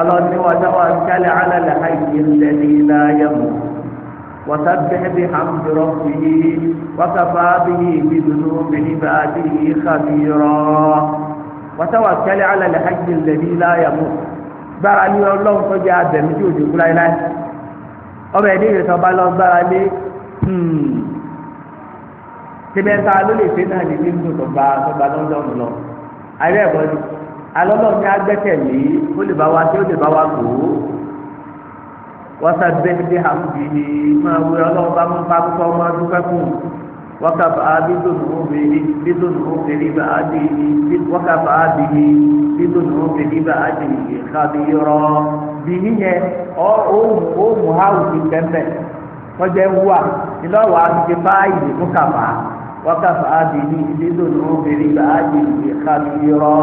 ọlọ́ni wàjọ́ wa kálí alẹ́lẹ́ àyè lẹ́ni láyé mu wàtàbí bí hàmdi rọ́bì wàkàfà bí bí dunu bí bàbí xabirọ́ wàtàwà kálí alẹ́lẹ́ àyè lẹ́ni láyé mu gbára ní ọlọ́run tó jẹ́ abẹ̀mí tí òjò kúrá láyé ọmọ ẹni ìrètí ọba lọ gbára lé tìmẹ́ta hmm. ló lè ṣe náà ní bí ń dùn tó bá tó bá lọ ayé ẹ̀kọ́ ni alọ́lọ́run ní agbẹ́kẹ̀lé ó lè bá wa ṣe ó lè bá wa kó wọ́sà bẹ́ẹ̀dẹ́ àwùjì ni máa wí ọlọ́run bá mú bá kọ́ ọmọ dúpẹ́ fún wọ́kàfà bídòdò obìnrin bídòdò obìnrin bá a dì í wọ́kàfà bìnrin bídòdò obìnrin bá a dì í kábi rọ bìnní yẹn ó mú àwùjì pẹ́pẹ́ kọjá wúwa ìlọ́wọ́ àti báyìí kó kàfà wákàtí àbìlí ìdílò ní obìnrin gba àbìlí kàbírọ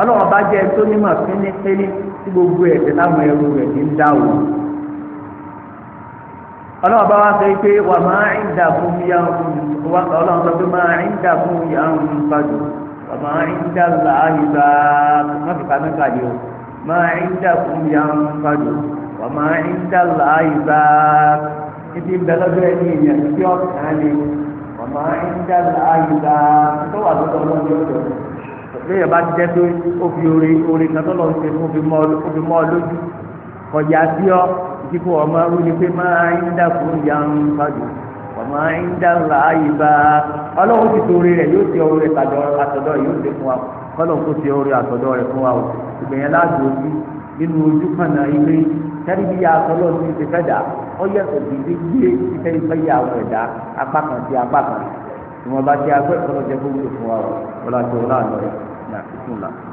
ọlọ́run bá jẹ́ tó nímọ̀ fínífíní tí gbogbo ẹ̀ṣẹ̀ táwọn ẹrú rẹ̀ ní ń dáwọ́ ọlọ́run bá wá sọ pé wà máa ń dà fún yà ọlọ́run sọ pé máa ń dà fún yà ń fàdù wà máa ń dà láàyè má fi kàmí kàdé o máa ń dà fún yà ń fàdù wà máa ń dà láàyè títí bẹ́lọ́dọ̀ ẹni ìyẹn ọ̀nà ìjà àyíká tó wà lọ́dọ̀ ọlọ́run ọrụ dọ̀ lóye bá ti jẹ́ pé ó fi orin orin kan tó ṣe fún mọ́ ọ lójú kọjá sí ọ ọmọ pé máa ń ń ọmọ ọlọ́run ti rẹ̀ yóò ṣe orin àtọ̀dọ̀ yóò ṣe fún wa ṣe orin àtọ̀dọ̀ rẹ̀ fún wa ojú nínú ojú kan náà ilé tẹ́lifíyà ti ó yàtọ̀ dídí gbé títẹ́ ìfẹ́ yà àwọn ẹ̀dá apá kan sí apá kan ìwọ̀nba tí a gbé ìfọlọ́jẹ́ fún wúlò fún wa wọ́n láti wọ́n láàánú rẹ̀ ní àfikún náà.